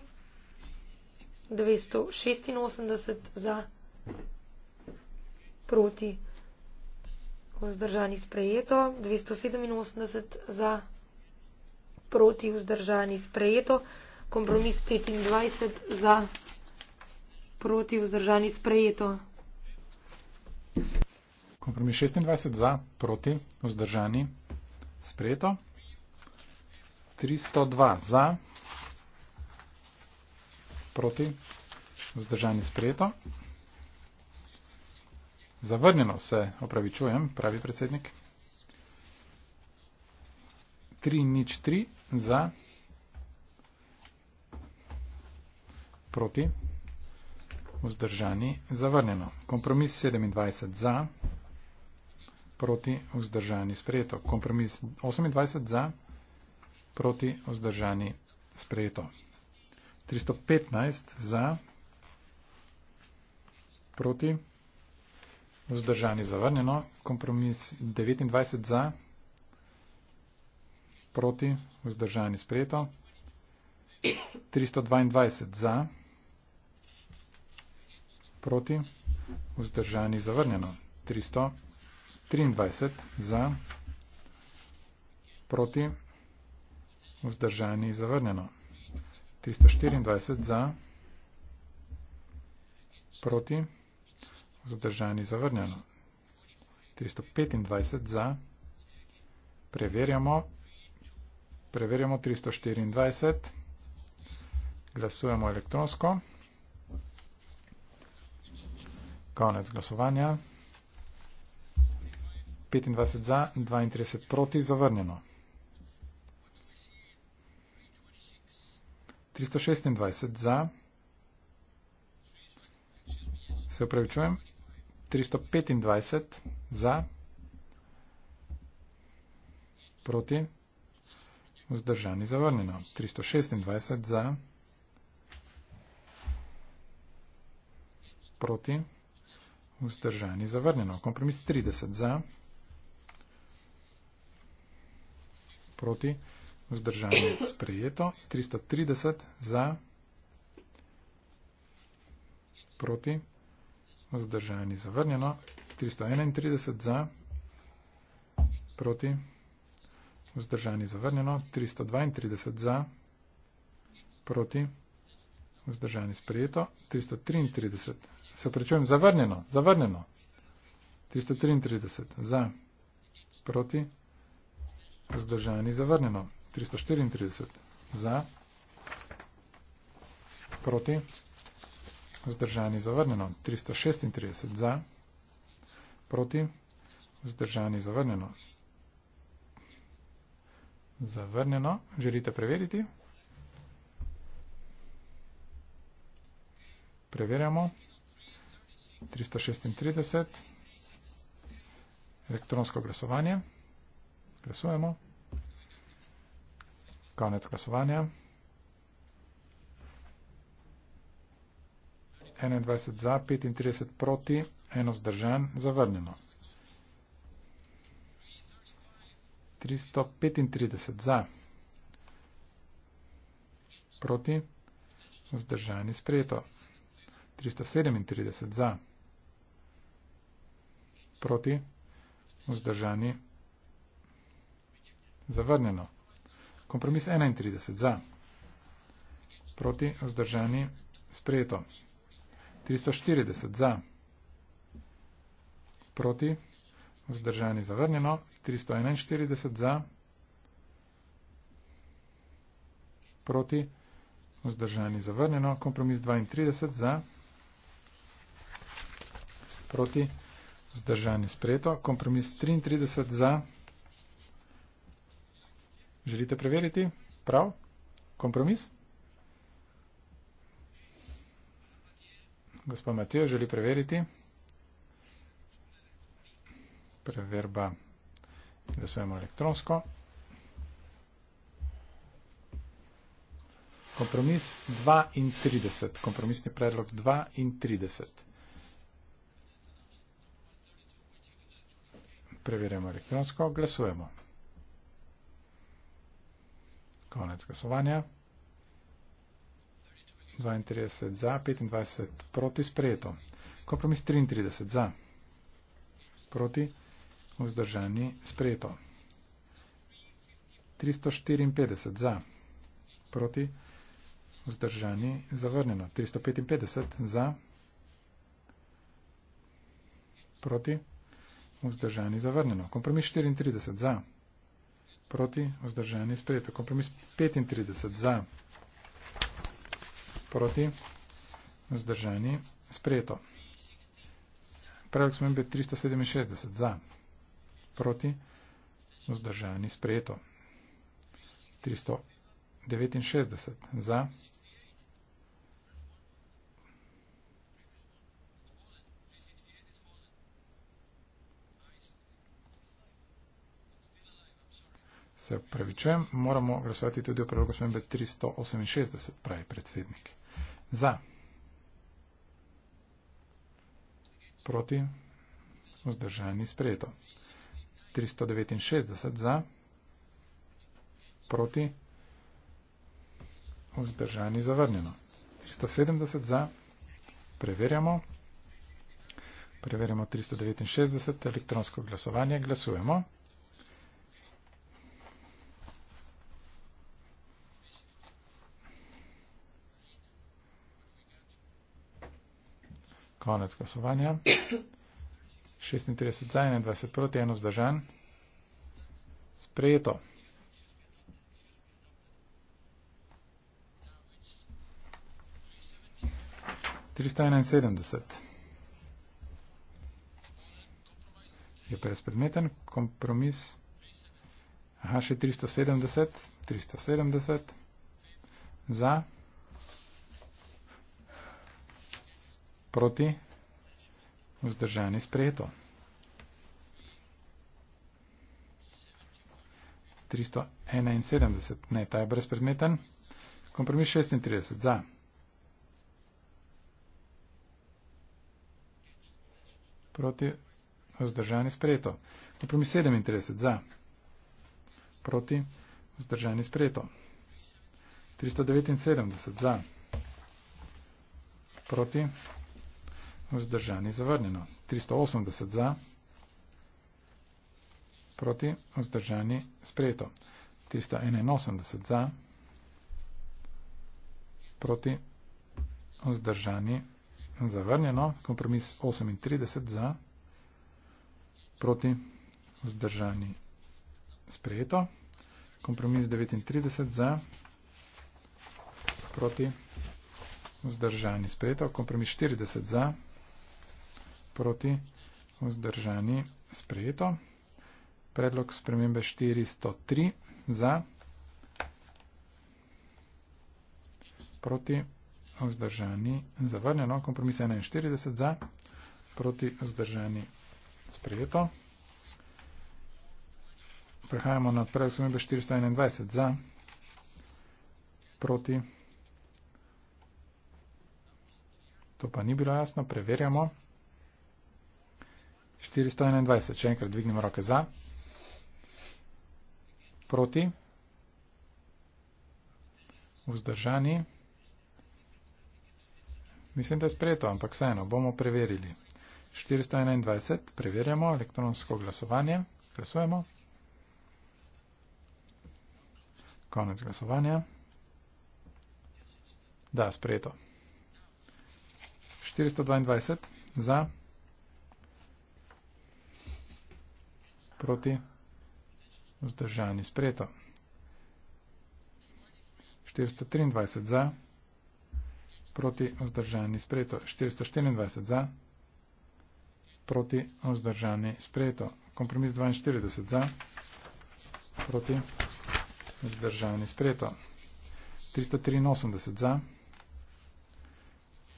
286 za proti. Vzdržani sprejeto, 287 za proti vzdržani sprejeto, kompromis 25 za proti vzdržani sprejeto. Kompromis 26 za proti vzdržani sprejeto, 302 za proti vzdržani sprejeto. Zavrnjeno se opravičujem, pravi predsednik. 3 nič 3 za proti vzdržani zavrnjeno. Kompromis 27 za proti vzdržani sprejeto. Kompromis 28 za proti vzdržani sprejeto. 315 za proti vzdržani sprejeto. Vzdržani zavrnjeno. Kompromis 29 za. Proti. Vzdržani sprejeto. 322 za. Proti. Vzdržani zavrnjeno. 323 za. Proti. Vzdržani zavrnjeno. 324 za. Proti. Zdržani zavrnjeno. 325 za. Preverjamo. Preverjamo 324. Glasujemo elektronsko. Konec glasovanja. 25 za, 32 proti, zavrnjeno. 326 za. Se upravičujem, 325 za, proti, vzdržani zavrnjeno. 326 za, proti, vzdržani zavrnjeno. Kompromis 30 za, proti, vzdržani sprejeto. 330 za, proti, vzdržani zavrnjeno vzdržani zavrnjeno, 331 za, proti, vzdržani zavrnjeno, 332 za, proti, vzdržani sprejeto, 333, se prečujem, zavrnjeno, zavrnjeno, 333 za, proti, vzdržani zavrnjeno, 334 za, proti, vzdržani zavrnjeno, vzdržani zavrnjeno, 336 za, proti, vzdržani zavrnjeno, zavrnjeno, želite preveriti? Preverjamo, 336, elektronsko glasovanje, glasujemo, konec glasovanja. 21 za, 35 proti, eno zdržan, zavrnjeno. 335 za, proti, vzdržani sprejeto. 337 za, proti, vzdržani zavrnjeno. Kompromis 31 za, proti, vzdržani sprejeto. 340 za, proti, vzdržani zavrnjeno, 341 za, proti, vzdržani zavrnjeno, kompromis 32 za, proti, vzdržani spreto, kompromis 33 za, želite preveriti, prav, kompromis 33 za, Gospod Matijo želi preveriti. Preverba glasujemo elektronsko. Kompromis 32. Kompromisni predlog 32. Preverjamo elektronsko. Glasujemo. Konec glasovanja. 32 za, 25 proti sprejeto. Kompromis 33 za, proti vzdržani sprejeto. 354 za, proti vzdržani zavrnjeno. 355 za, proti vzdržani zavrnjeno. Kompromis 34 za, proti vzdržani sprejeto. Kompromis 35 za, proti vzdržani sprejeto proti vzdržani sprejeto. Predlog smo imeli 367 za proti vzdržani sprejeto. 369 za. se upravičujem, moramo glasovati tudi o predlogu spremembe 368, pravi predsednik. Za. Proti. Vzdržani sprejeto. 369 za. Proti. Vzdržani zavrnjeno. 370 za. Preverjamo. Preverjamo 369 elektronsko glasovanje. Glasujemo. konec glasovanja. 36 za 21 proti 1 zdržan. Sprejeto. Tristo enainsedemdeset je prespredmeten kompromis. Aha, še tristo sedemdeset, tristo sedemdeset za. proti, vzdržani sprejeto. 371, ne, ta je brezpredmeten. Kompromis 36, za. Proti, vzdržani sprejeto. Kompromis 37, za. Proti, vzdržani sprejeto. 379, za. Proti, vzdržani sprejeto vzdržani zavrnjeno. 380 za, proti vzdržani sprejeto. 381 za, proti vzdržani zavrnjeno. Kompromis 38 za, proti vzdržani sprejeto. Kompromis 39 za, proti vzdržani sprejeto. Kompromis 40 za, proti vzdržani sprejeto proti vzdržani sprejeto. Predlog spremembe 403 za proti vzdržani zavrnjeno. Kompromis 41 za proti vzdržani sprejeto. Prehajamo na predlog spremembe 421 za proti To pa ni bilo jasno, preverjamo. 421, še enkrat dvignemo roke za, proti, vzdržani. Mislim, da je sprejeto, ampak vseeno bomo preverili. 421, preverjamo elektronsko glasovanje, glasujemo. Konec glasovanja. Da, sprejeto. 422 za. proti vzdržani spreto. 423 za, proti vzdržani spreto. 424 za, proti vzdržani spreto. Kompromis 42 za, proti vzdržani spreto. 383 za,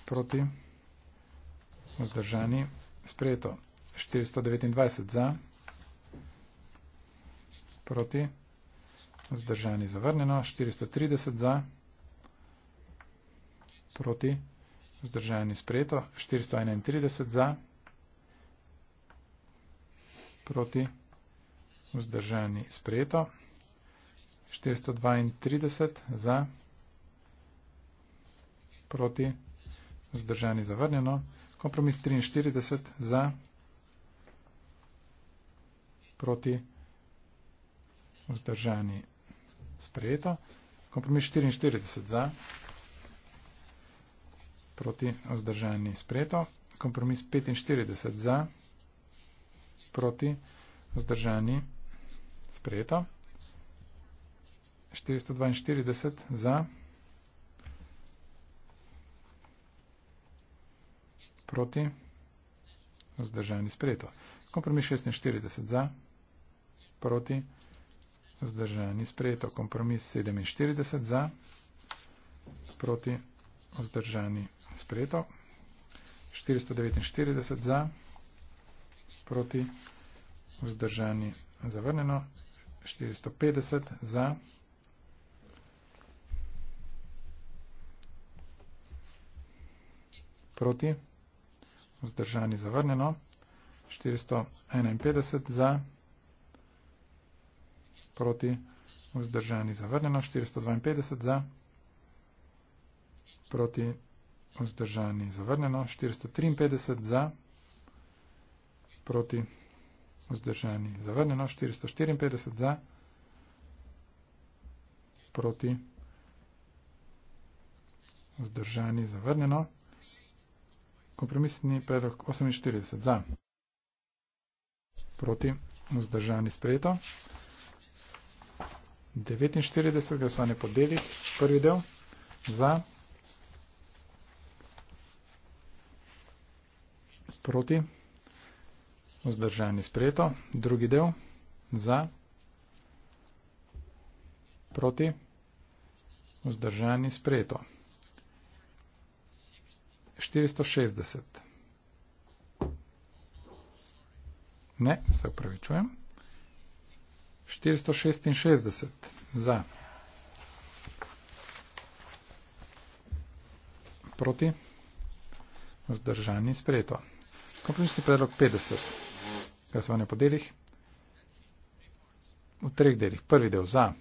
proti vzdržani spreto. 429 za, proti vzdržani spreto proti, zdržani zavrnjeno, 430 za, proti, zdržani spreto, 431 za, proti, zdržani spreto, 432 za, proti, zdržani zavrnjeno, kompromis 43 za, proti, zdržani spreto, vzdržani sprejeto. Kompromis 44 za, proti vzdržani sprejeto. Kompromis 45 za, proti vzdržani sprejeto. 442 za, proti vzdržani sprejeto. Kompromis 46 za, proti vzdržani sprejeto vzdržani, sprejeto kompromis 47 za, proti vzdržani, sprejeto 449 za, proti vzdržani, zavrnjeno 450 za, proti vzdržani, zavrnjeno 451 za, proti, vzdržani zavrnjeno, 452 za, proti, vzdržani zavrnjeno, 453 za, proti, vzdržani zavrnjeno, 454 za, proti, vzdržani zavrnjeno, kompromisni predlog 48 za, proti, vzdržani sprejeto. 49. glasovanje po delih, prvi del, za, proti, vzdržanje sprejeto, drugi del, za, proti, vzdržanje sprejeto, 460. Ne, se upravičujem. 466 za. Proti. Zdržani sprejeto. Kompromisni predlog 50. Glasovanje po delih. V treh delih. Prvi del za.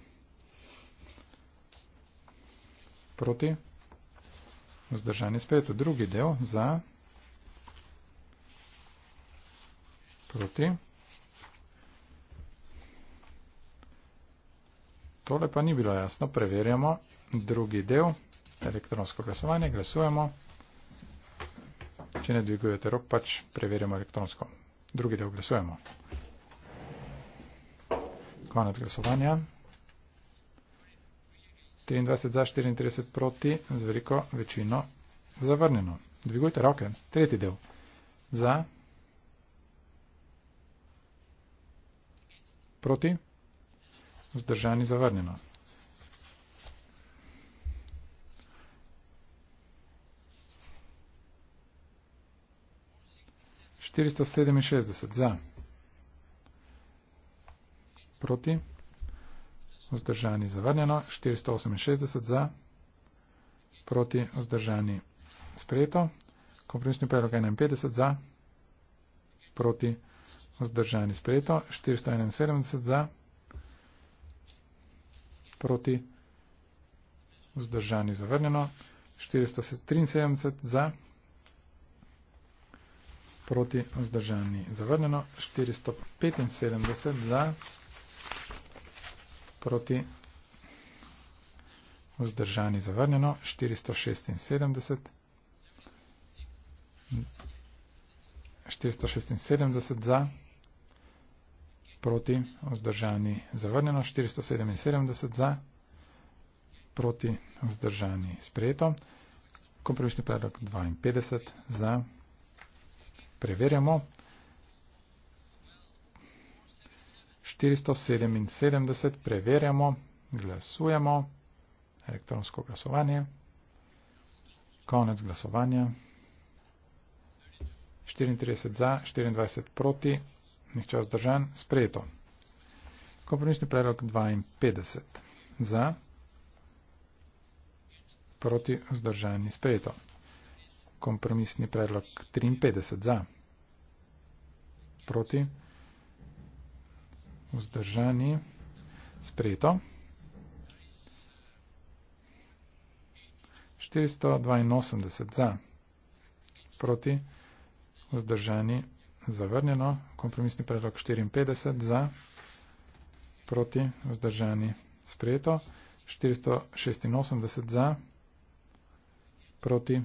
Proti. Zdržani sprejeto. Drugi del za. Proti. Tole pa ni bilo jasno. Preverjamo drugi del. Elektronsko glasovanje. Glasujemo. Če ne dvigujete rok, pač preverjamo elektronsko. Drugi del glasujemo. Konec glasovanja. 23 za 34 proti z veliko večino zavrnjeno. Dvigujte roke. Tretji del. Za. Proti vzdržani zavrnjeno. Štiristo sedeminšestdeset za, proti, vzdržani zavrnjeno, štiristo oseminšestdeset za, proti, vzdržani sprejeto, kompromisni predlog enainpetdeset za, proti, vzdržani sprejeto, štiristo enainsedemdeset za, proti, proti, vzdržani zavrnjeno, 473 za, proti, vzdržani zavrnjeno, 475 za, proti, vzdržani zavrnjeno, 476, 476 za, proti, vzdržani, zavrnjeno, 477 za, proti, vzdržani, sprejeto, kompromisni predlog 52 za, preverjamo, 477 preverjamo, glasujemo, elektronsko glasovanje, konec glasovanja, 34 za, 24 proti, Nihče vzdržan. Sprejeto. Kompromisni predlog 52. Za. Proti vzdržani. Sprejeto. Kompromisni predlog 53. Za. Proti vzdržani. Sprejeto. 482 za, proti, vzdržani, zavrnjeno. Kompromisni predlog 54 za, proti, vzdržani, sprejeto. 486 za, proti,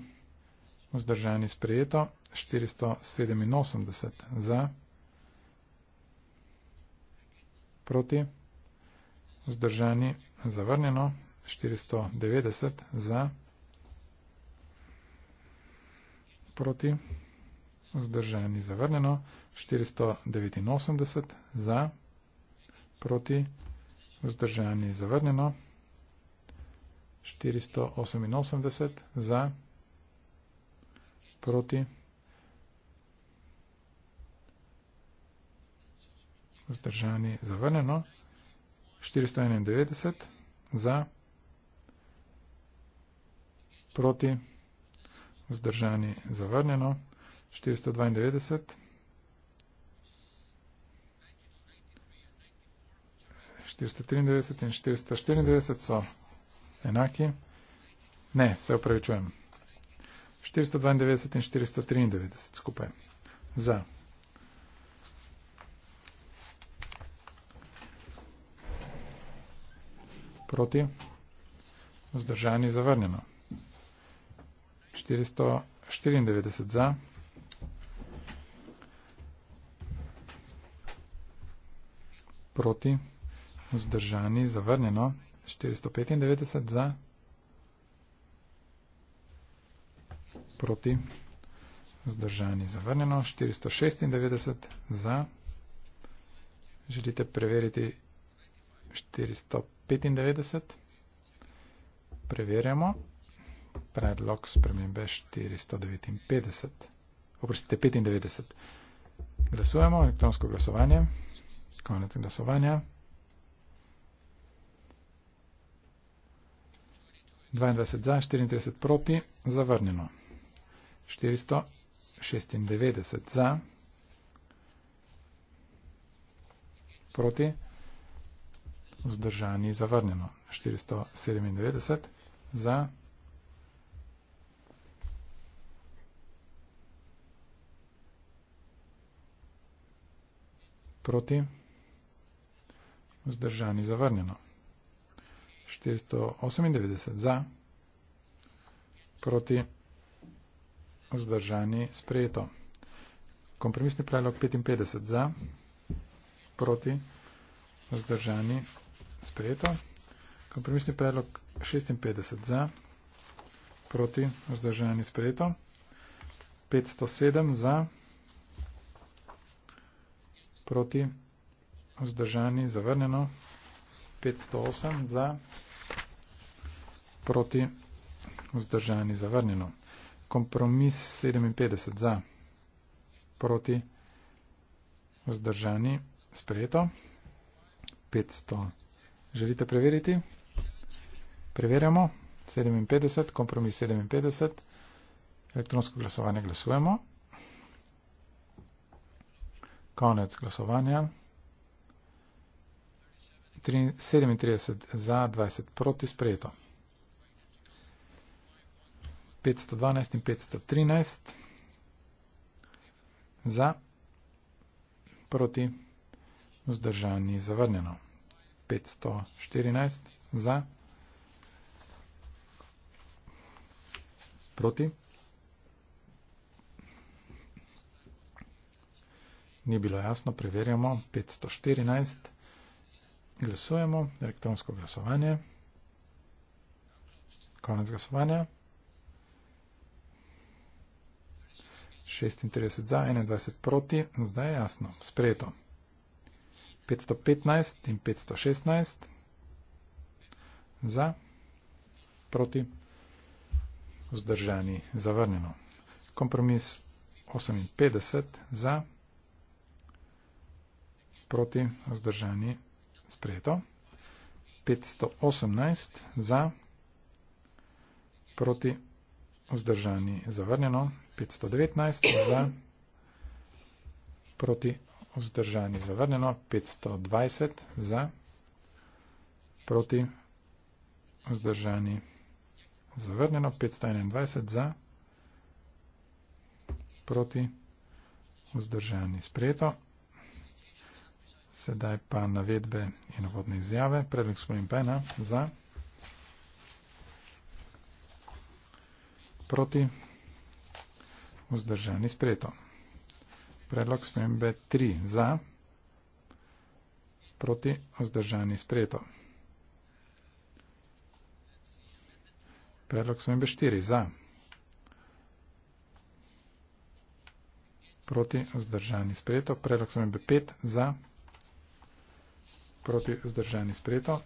vzdržani, sprejeto. 487 za, proti, vzdržani, zavrnjeno. 490 za, proti vzdržani, zavrnjeno, 489 za, proti, vzdržani, zavrnjeno, 488 za, proti, vzdržani, zavrnjeno, 491 za, proti, vzdržani, zavrnjeno, 492, 493 in 494 so enaki. Ne, se upravičujem. 492 in 493 skupaj. Za. Proti. Vzdržani zavrnjeno. 494 za. proti, vzdržani, zavrnjeno, 495 za, proti, vzdržani, zavrnjeno, 496 za, želite preveriti 495, preverjamo, predlog spremembe 459, oprostite 95, glasujemo, elektronsko glasovanje, Konec glasovanja. 22 za, 34 proti, zavrnjeno. 496 za, proti, vzdržani, zavrnjeno. 497 za, proti, proti, vzdržani zavrnjeno. 498 za, proti vzdržani sprejeto. Kompromisni predlog 55 za, proti vzdržani sprejeto. Kompromisni predlog 56 za, proti vzdržani sprejeto. 507 za, proti vzdržani sprejeto vzdržani, zavrnjeno, 508 za, proti, vzdržani, zavrnjeno. Kompromis 57 za, proti, vzdržani, sprejeto, 500. Želite preveriti? Preverjamo, 57, kompromis 57, elektronsko glasovanje glasujemo. Konec glasovanja. 37 za 20 proti sprejeto. 512 in 513 za proti vzdržani zavrnjeno. 514 za proti ni bilo jasno, preverjamo 514 za Glasujemo, elektronsko glasovanje. Konec glasovanja. 36 za, 21 proti, zdaj je jasno, sprejeto. 515 in 516 za, proti, vzdržani, zavrnjeno. Kompromis 58 za, proti, vzdržani, zavrnjeno sprejeto. 518 za, proti vzdržani zavrnjeno. 519 za, proti vzdržani zavrnjeno. 520 za, proti vzdržani zavrnjeno. 521 za, proti vzdržani sprejeto. Sedaj pa navedbe in vodne izjave. Predlog gospodin Pena za. Proti. Vzdržani spreto. Predlog spremembe 3 za. Proti. Vzdržani spreto. Predlog spremembe 4 za. Proti. Vzdržani spreto. Predlog spremembe 5 za proti zdržani spreto.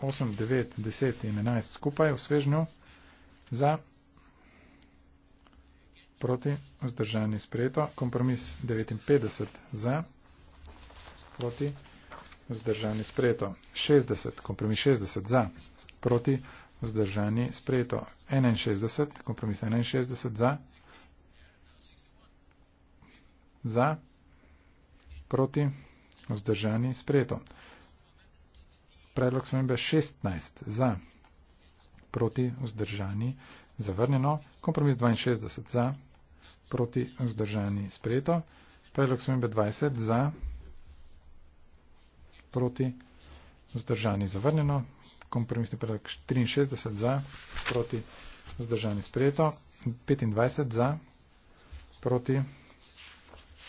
8, 9, 10 in 11 skupaj v svežnju za proti zdržani spreto. Kompromis 59 za proti zdržani spreto. 60, kompromis 60 za proti zdržani spreto. 61, kompromis 61 za za proti vzdržani spreto predlog smembe 16 za proti vzdržani zavrnjeno, kompromis 62 za proti vzdržani sprejeto, predlog smembe 20 za proti vzdržani zavrnjeno, kompromisni predlog 63 za proti vzdržani sprejeto, 25 za proti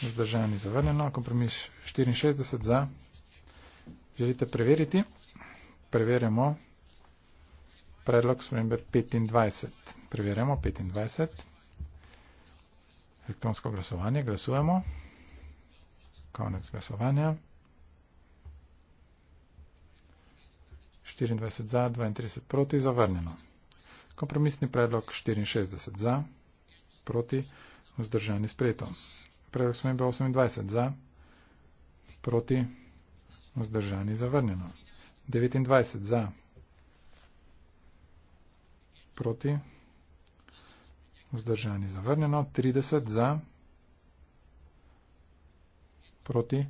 vzdržani zavrnjeno, kompromis 64 za. Želite preveriti? preverjamo predlog spremembe 25. Preverjamo 25. Elektronsko glasovanje. Glasujemo. Konec glasovanja. 24 za, 32 proti, zavrnjeno. Kompromisni predlog 64 za, proti, vzdržani sprejeto. Predlog smo imeli 28 za, proti, vzdržani zavrnjeno. 29 za, proti, vzdržani zavrnjeno, 30 za, proti,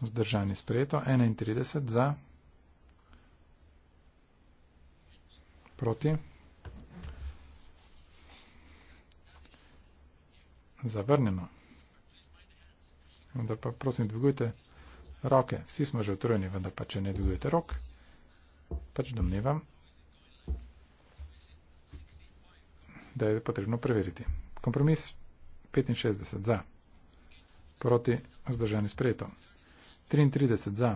vzdržani sprejeto, 31 za, proti, zavrnjeno. Da pa prosim, dvigujte vzdržani roke. Vsi smo že utrujeni, vendar pa če ne dvigujete rok, pač domnevam, da je potrebno preveriti. Kompromis 65 za, proti vzdržani sprejeto. 33 za,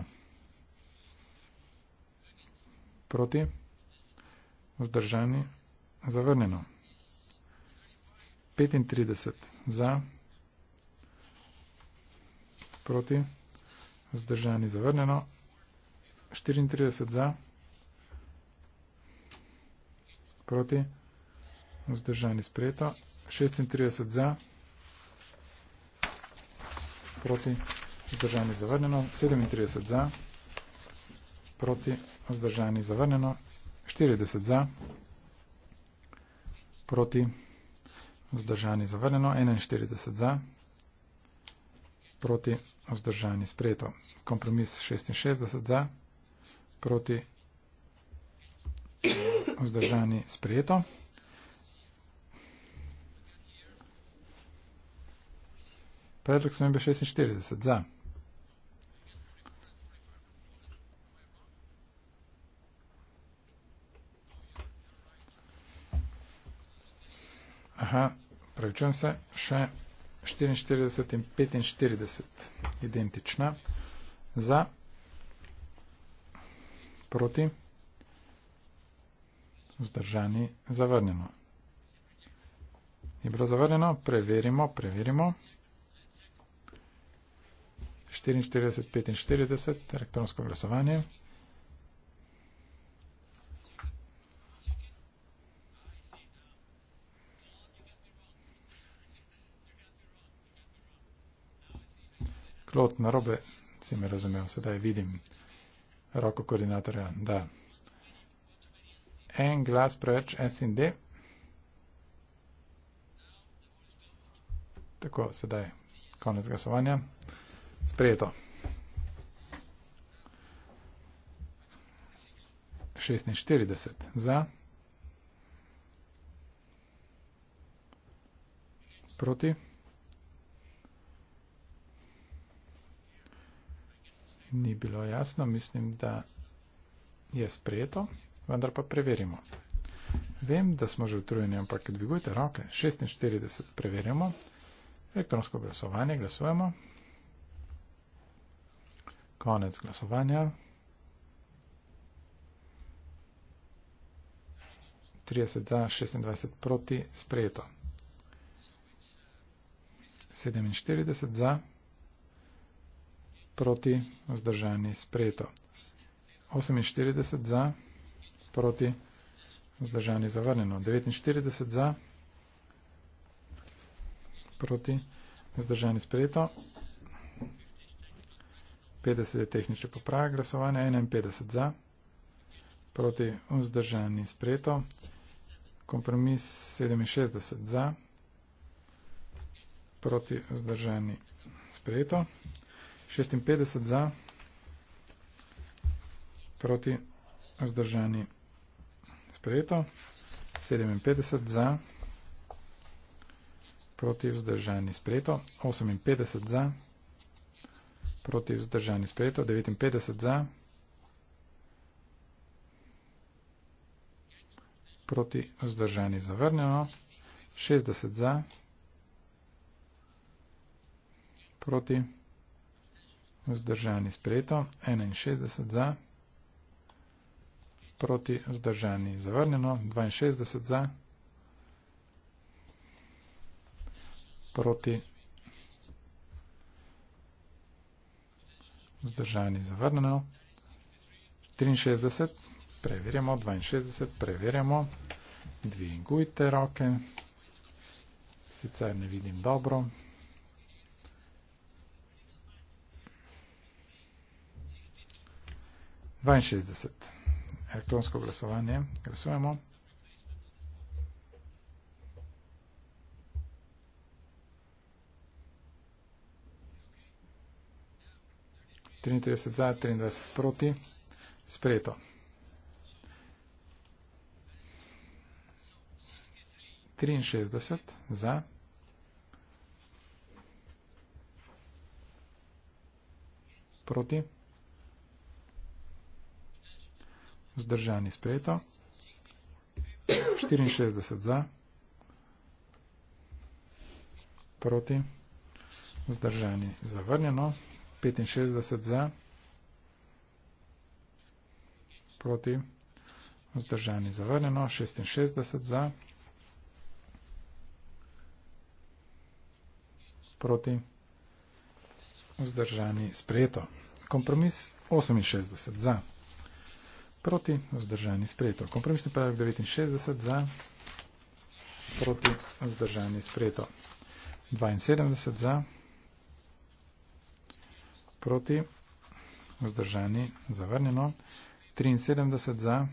proti vzdržani zavrnjeno. 35 za, proti Zdržani zavrnjeno. 34 za. Proti. Zdržani sprejeto. 36 za. Proti. Zdržani zavrnjeno. 37 za. Proti. Zdržani zavrnjeno. 40 za. Proti. Zdržani zavrnjeno. 41 za. Proti vzdržani sprejeto. Kompromis 66 za, proti vzdržani sprejeto. Predlog sem 46 za. Aha, pravičujem se, še 44 in 45 identična za proti zdržani zavrnjeno. Je bilo zavrnjeno? Preverimo, preverimo. 44, 45, elektronsko glasovanje. šlo od narobe, si mi razumel, sedaj vidim roko koordinatorja, da. En glas preveč S in D. Tako, sedaj konec glasovanja. Sprejeto. 46 za. Proti. ni bilo jasno, mislim, da je sprejeto, vendar pa preverimo. Vem, da smo že utrujeni, ampak dvigujte roke. 46 preverjamo. Elektronsko glasovanje glasujemo. Konec glasovanja. 30 za, 26 proti, sprejeto. 47 za proti, vzdržani, sprejeto. 48 za, proti, vzdržani, zavrnjeno. 49 za, proti, vzdržani, sprejeto. 50 je tehnično popravek glasovanja, 51 za, proti, vzdržani, sprejeto. Kompromis 67 za, proti, vzdržani, sprejeto. 56 za, proti vzdržani sprejeto, 57 za, proti vzdržani sprejeto, 58 za, proti vzdržani sprejeto, 59 za, proti vzdržani zavrnjeno, 60 za, proti vzdržani sprejeto, vzdržani sprejeto, 61 za, proti vzdržani zavrnjeno, 62 za, proti vzdržani zavrnjeno, 63, preverjamo, 62, preverjamo, dvigujte roke, sicer ne vidim dobro, 63, 62. Elektronsko glasovanje. Glasujemo. za, 23 proti, sprejeto. Triinšestdeset za, proti, Vzdržani sprejeto. 64 za. Proti. Vzdržani zavrnjeno. 65 za. Proti. Vzdržani zavrnjeno. 66 za. Proti. Vzdržani sprejeto. Kompromis 68 za proti, vzdržani sprejeto. Kompromisni predlog 69 za, proti, vzdržani sprejeto. 72 za, proti, vzdržani zavrnjeno. 73 za,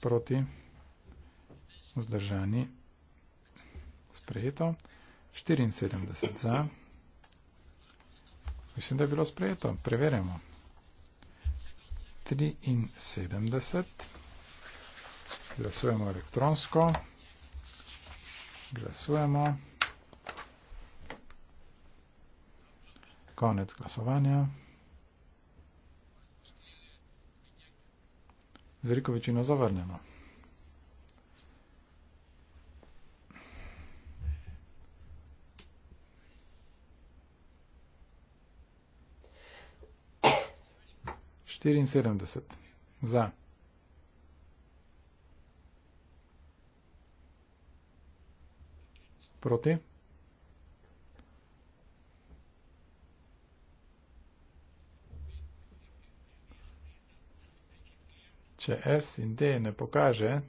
proti, vzdržani sprejeto. 74 za, mislim, da je bilo sprejeto, preverjamo. 73. Glasujemo elektronsko. Glasujemo. Konec glasovanja. Z veliko večino zavrnemo. 74 za. Proti. Če S in D ne pokaže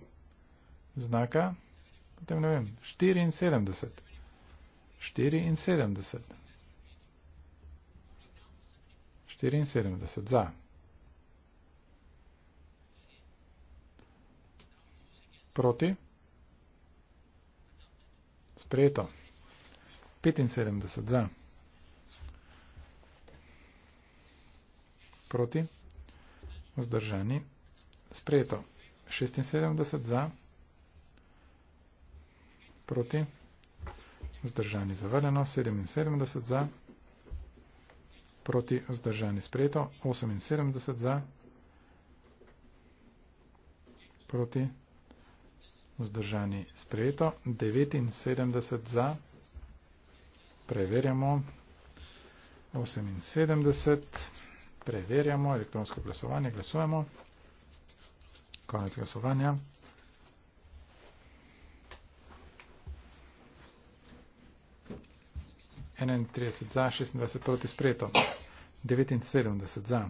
znaka, potem ne vem, 74. 74. 74 za. proti. Sprejeto. 75 za. Proti. Vzdržani. Sprejeto. 76 za. Proti. Vzdržani. Zavrljeno. 77 za. Proti. Vzdržani. Sprejeto. 78 za. Proti. Proti vzdržani sprejeto, 79 za, preverjamo, 78, preverjamo, elektronsko glasovanje, glasujemo, konec glasovanja. NN30 za, 26 proti spreto, 79 za,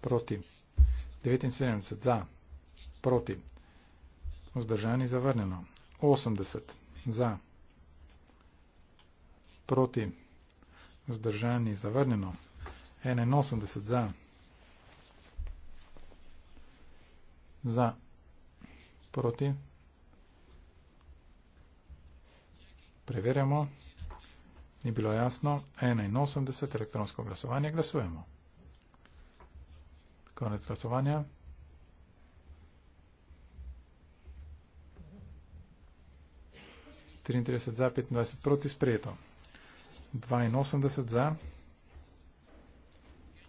proti, 79 za, proti, Vzdržani zavrnjeno. 80. Za. Proti. Vzdržani zavrnjeno. 81. Za. Za. Proti. Preverjamo. Ni bilo jasno. 81. Elektronsko glasovanje. Glasujemo. Konec glasovanja. 33 za, 25 proti sprejeto. 82 za,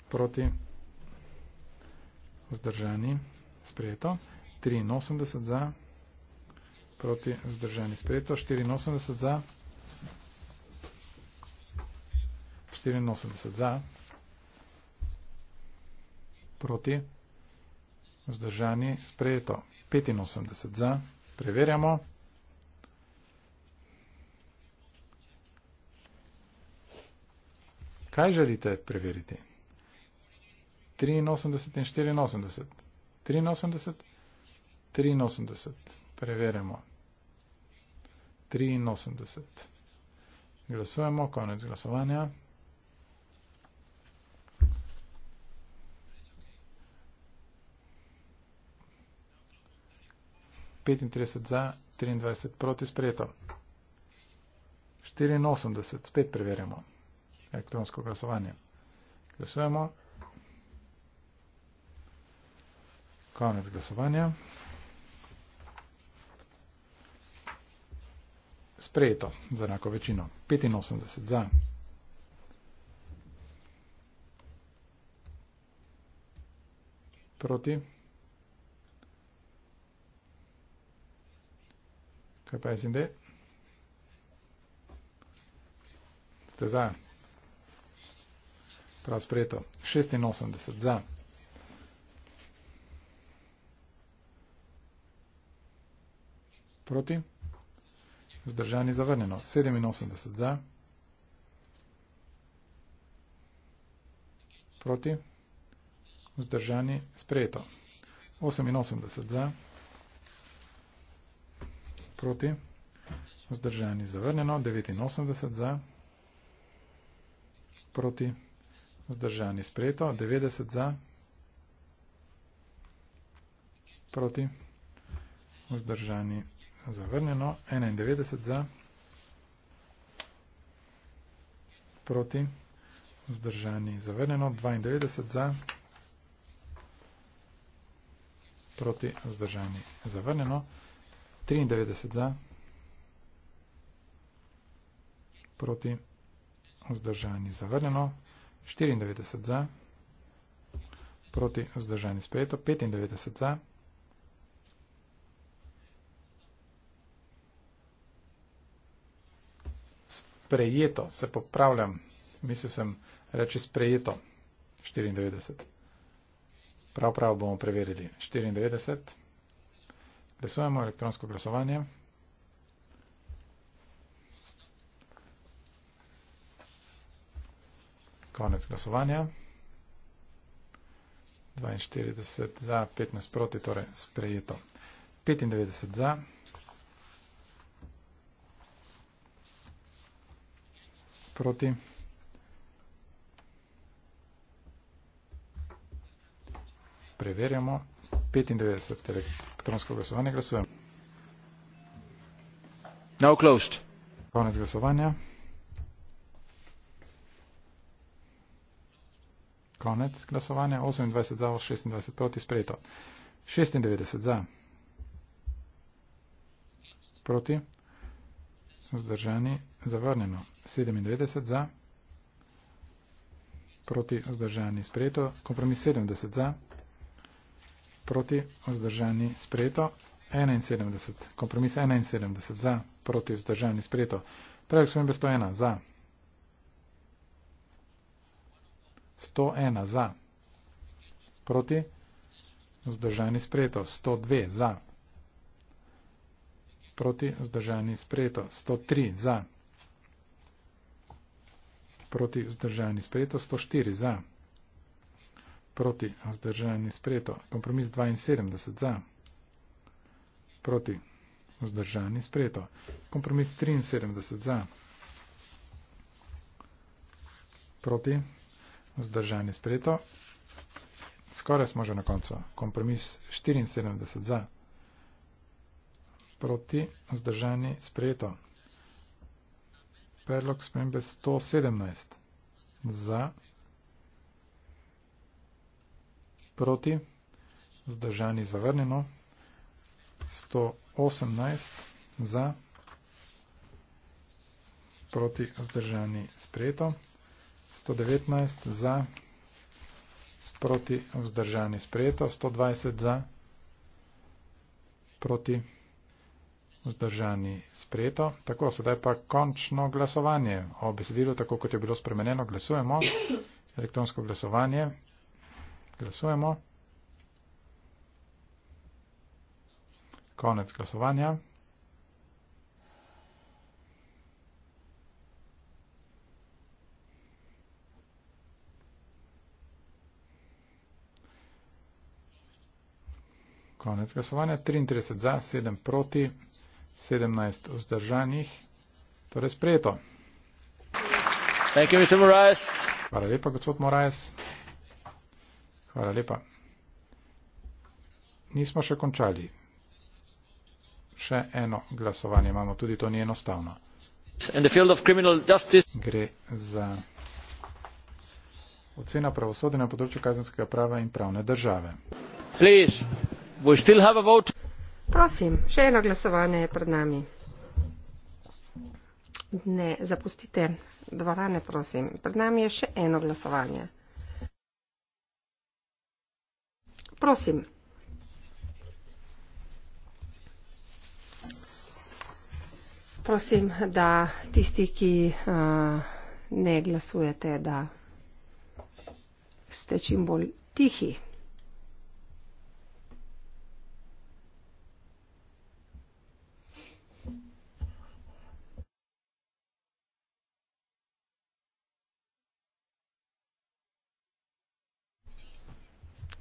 proti vzdržani sprejeto. 83 za, proti vzdržani sprejeto. 84 za, 84 za, proti vzdržani sprejeto. 85 za, preverjamo. Kaj želite preveriti? 83 in 84. 83, 83. Preverjamo. 83. Glasujemo, konec glasovanja. petintrideset za triindvajset proti sprejeto štiriinosemdeset spet preverjamo elektronsko glasovanje. Glasujemo. Konec glasovanja. Sprejeto za enako večino. 85 za. Proti. Kaj pa SND? Ste za. Prav sprejeto. 86 za. Proti. Zdržani zavrnjeno. 87 za. Proti. Zdržani sprejeto. 88 za. Proti. Zdržani zavrnjeno. 89 za. Proti. Proti. Zdržani sprejeto. 90 za. Proti. Vzdržani zavrnjeno. 91 za. Proti. Vzdržani zavrnjeno. 92 za. Proti. Vzdržani zavrnjeno. 93 za. Proti. Vzdržani zavrnjeno. 94 za, proti vzdržani sprejeto, 95 za. Sprejeto, se popravljam, mislil sem reči sprejeto, 94. Prav, prav bomo preverili, 94. Glasujemo elektronsko glasovanje. konec glasovanja. 42 za, 15 proti, torej sprejeto. 95 za. Proti. Preverjamo. 95 elektronsko glasovanje glasujemo. No closed. Konec glasovanja. Konec glasovanja. 28 za, 26 proti sprejeto. 96 za. Proti. Zdržani. Zavrnjeno. 97 za. Proti. Zdržani. Sprejeto. Kompromis 70 za. Proti. Zdržani. Sprejeto. 71. Kompromis 71 za. Proti. Zdržani. Sprejeto. Predlog smo 101 za. 101 za, proti zdržani sprejeto 102 za, proti zdržani sprejeto 103 za, proti zdržani sprejeto 104 za, proti zdržani sprejeto kompromis 72 za, proti zdržani sprejeto kompromis 73 za, proti zdržani sprejeto. Zdržanje sprejeto. Skoraj smo že na koncu. Kompromis 74 za. Proti. Zdržanje sprejeto. Predlog spremembe 117 za. Proti. Zdržanje zavrnjeno. 118 za. Proti. Zdržanje sprejeto. 119 za, proti vzdržani sprejeto, 120 za, proti vzdržani sprejeto. Tako, sedaj pa končno glasovanje o besedilu, tako kot je bilo spremenjeno. Glasujemo. Elektronsko glasovanje. Glasujemo. Konec glasovanja. Konec glasovanja, 33 za, 7 proti, 17 vzdržanih, torej sprejeto. Hvala lepa, gospod Morajes. Hvala lepa. Nismo še končali. Še eno glasovanje imamo, tudi to ni enostavno. Gre za ocena pravosodja na področju kazenskega prava in pravne države. Please prosim še eno glasovanje je pred nami ne zapustite dvorane prosim pred nami je še eno glasovanje prosim prosim da tisti ki uh, ne glasujete da ste čim bolj tihi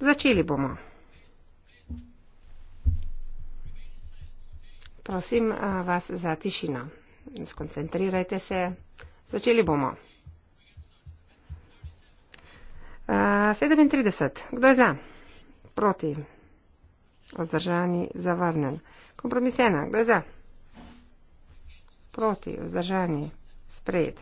Začeli bomo. Prosim eh, vas za tišino. Skoncentrirajte se. Začeli bomo. 37. Eh, Kdo je za? Proti. Ozdržani, zavrnen. Kompromisena. Kdo je za? Proti. Ozdržani, sprejet.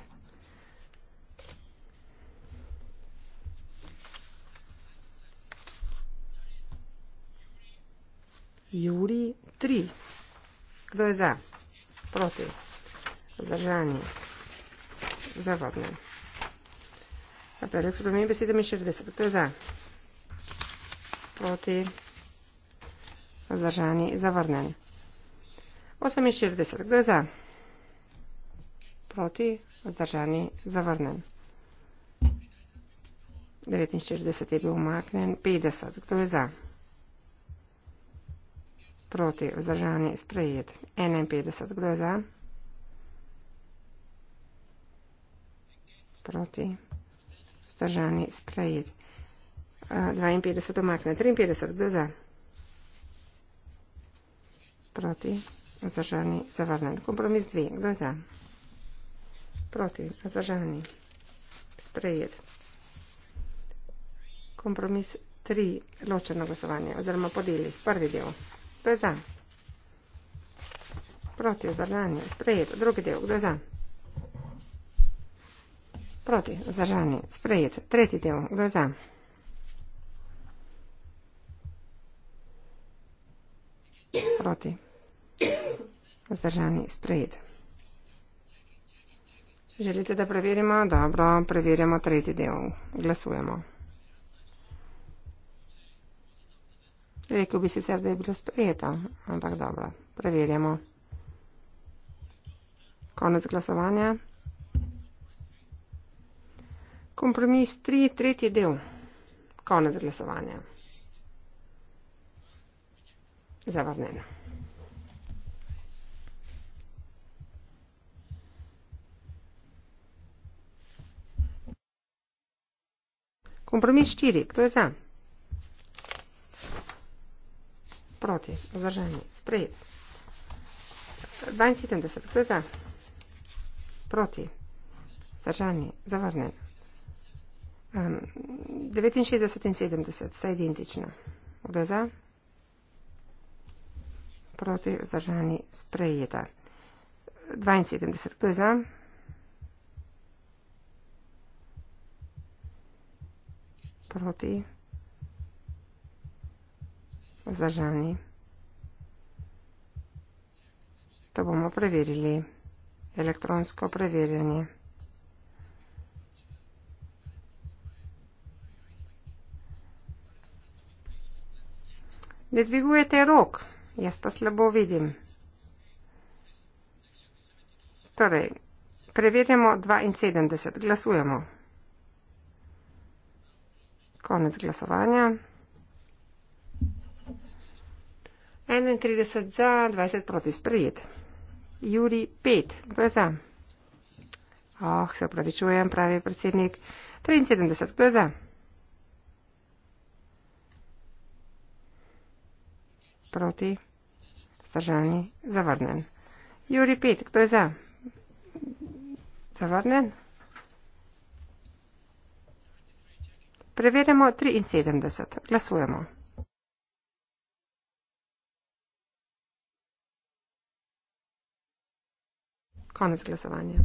Juri 3. Kdo je za? Proti. Zdržani. Zavodne. Na predlog so premeni besede 60. Kdo je za? Proti. Zdržani. Zavrnen. 48. Kdo je za? Proti. Zdržani. Zavrnen. 49 je bil umaknen. 50. Kdo je za? Proti proti vzdržani sprejet. 51, kdo je za? Proti vzdržani sprejet. 52 omakne. 53, kdo je za? Proti vzdržani zavrnen. Kompromis 2, kdo je za? Proti vzdržani sprejet. Kompromis 3, ločeno glasovanje oziroma podeli prvi del. Kdo je za? Proti vzdržanje. Sprejeto. Drugi del. Kdo je za? Proti vzdržanje. Sprejeto. Tretji del. Kdo je za? Proti. Zdržani sprejet. Želite, da preverimo? Dobro, preverimo tretji del. Glasujemo. Rekel bi sicer, da je bilo sprejeto, ampak dobro, preverjamo. Konec glasovanja. Kompromis 3, tretji del. Konec glasovanja. Zavrnen. Kompromis 4, kdo je za? proti. Vzdržanje. Sprejet. 72. Kdo je za? Proti. Vzdržanje. Zavrnen. Um, 69 in 70 sta identična. Kdo je za? Proti. Vzdržanje. Sprejeta. 72. Kdo je za? Proti зажали. То бомо проверили электронское проверение. Не двигуете рок. Я вас слабо видим. Торе, проверяемо 2,70. Гласуемо. Конец голосования. 31 za, 20 proti sprejet. Juri 5, kdo je za? Oh, se upravičujem, pravi predsednik. 73, kdo je za? Proti. Stržani, zavrnen. Juri 5, kdo je za? Zavrnen. Preverjamo 73, glasujemo. Konec glasovanja.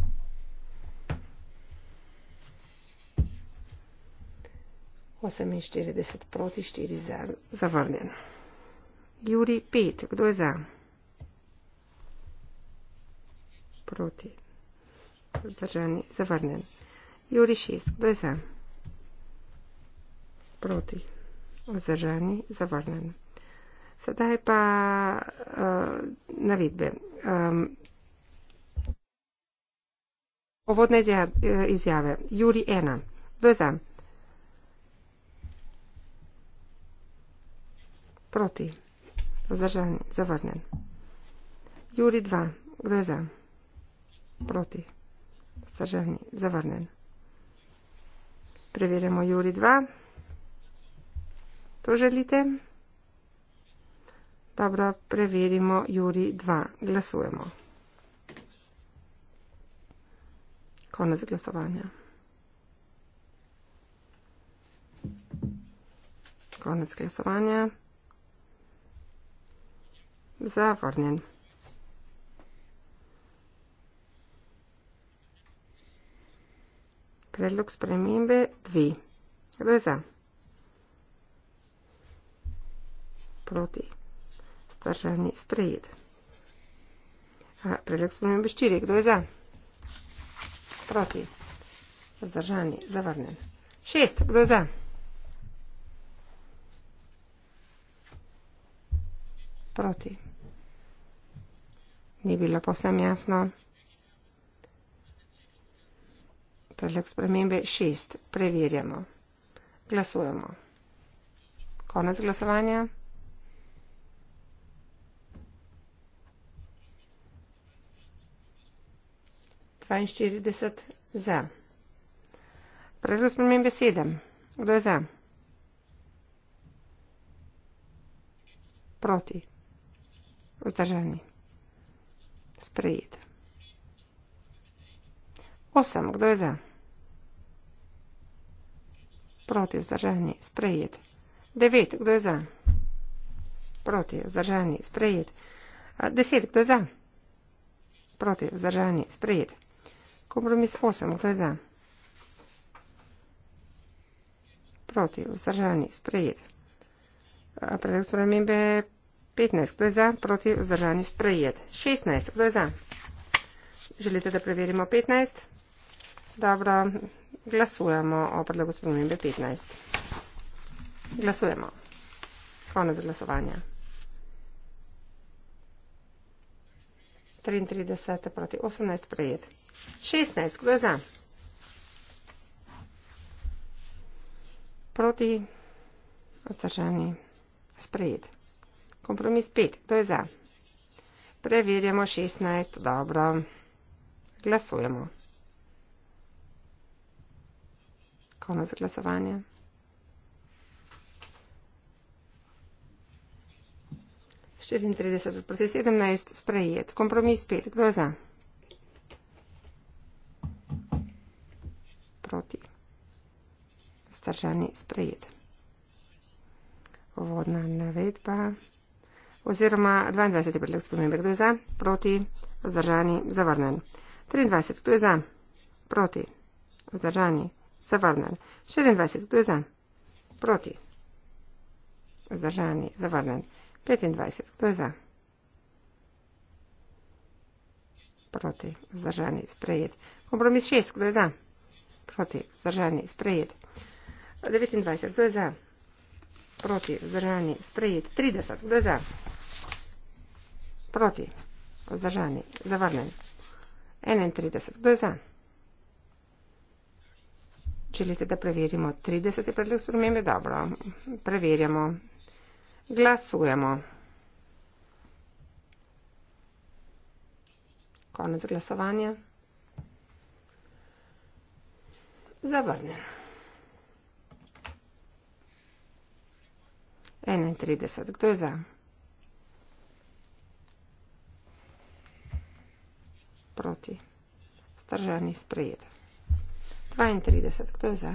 Osem in štirideset proti, štiri za, zavrnjen. Juri, pet, kdo je za? Proti. Zdržani, zavrnjen. Juri, šest, kdo je za? Proti. Zdržani, zavrnjen. Sedaj pa uh, eh, navidbe. Um, Povodne eh, izjave. Juri 1. Doza. Proti. Zdržan. Zavrnen. Juri 2. Kdo je za? Proti. Zdržan. Zavrnen. Preverjamo Juri 2. To želite? Dobro, preverimo Juri 2. Glasujemo. Glasujemo. Konec glasovanja. Konec glasovanja. Zavrnjen. Predlog spremembe 2. Kdo je za? Proti. Stržani sprejed. Predlog spremembe 4. Kdo je za? Proti. Proti. Zdržani. Zavrnjen. Šest. Kdo za? Proti. Ni bilo povsem jasno. Predlog spremembe šest. Preverjamo. Glasujemo. Konec glasovanja. 42 za. Predlog spremembe 7. Kdo je za? Proti. Vzdržani. Sprejet. 8. Kdo je za? Proti. Vzdržani. Sprejet. 9. Kdo je za? Proti. Vzdržani. Sprejet. 10. Kdo je za? Proti. Vzdržani. Sprejet. Компромис 8. Кто за? Против. Воздержание. Спреет. Предлагаю спромембе 15. Кто за? Против. Воздержание. Спреет. 16. Кто за? Желите да проверим 15? Добро. Гласуемо о предлагу спромембе 15. Гласуемо. Конец голосования. 33 proti 18 prejet. 16, kdo je za? Proti ostržani sprejet. Kompromis 5, kdo je za? Preverjamo 16, dobro. Glasujemo. Konec glasovanja. 34 proti 17 sprejet. Kompromis 5. Kdo je za? Proti. Stržani sprejet. Uvodna navedba. Oziroma 22. predlog spremembe. Kdo je za? Proti. Zdržani. Zavrnen. 23. Kdo je za? Proti. Zdržani. Zavrnen. 24. Kdo je za? Proti. Zdržani. Zavrnen. 25. Kdo je za? Proti. Vzdržani. Sprejet. Kompromis 6. Kdo je za? Proti. Vzdržani. Sprejet. 29. Kdo je za? Proti. Vzdržani. Sprejet. 30. Kdo je za? Proti. Vzdržani. Zavrnen. 31. Kdo je za? Želite, da preverimo 30. predlog spremembe? Dobro. Preverjamo. Glasujemo. Konec glasovanja. Zavrnjen. 31. Kdo je za? Proti. Vzdržani sprejet. 32. Kdo je za?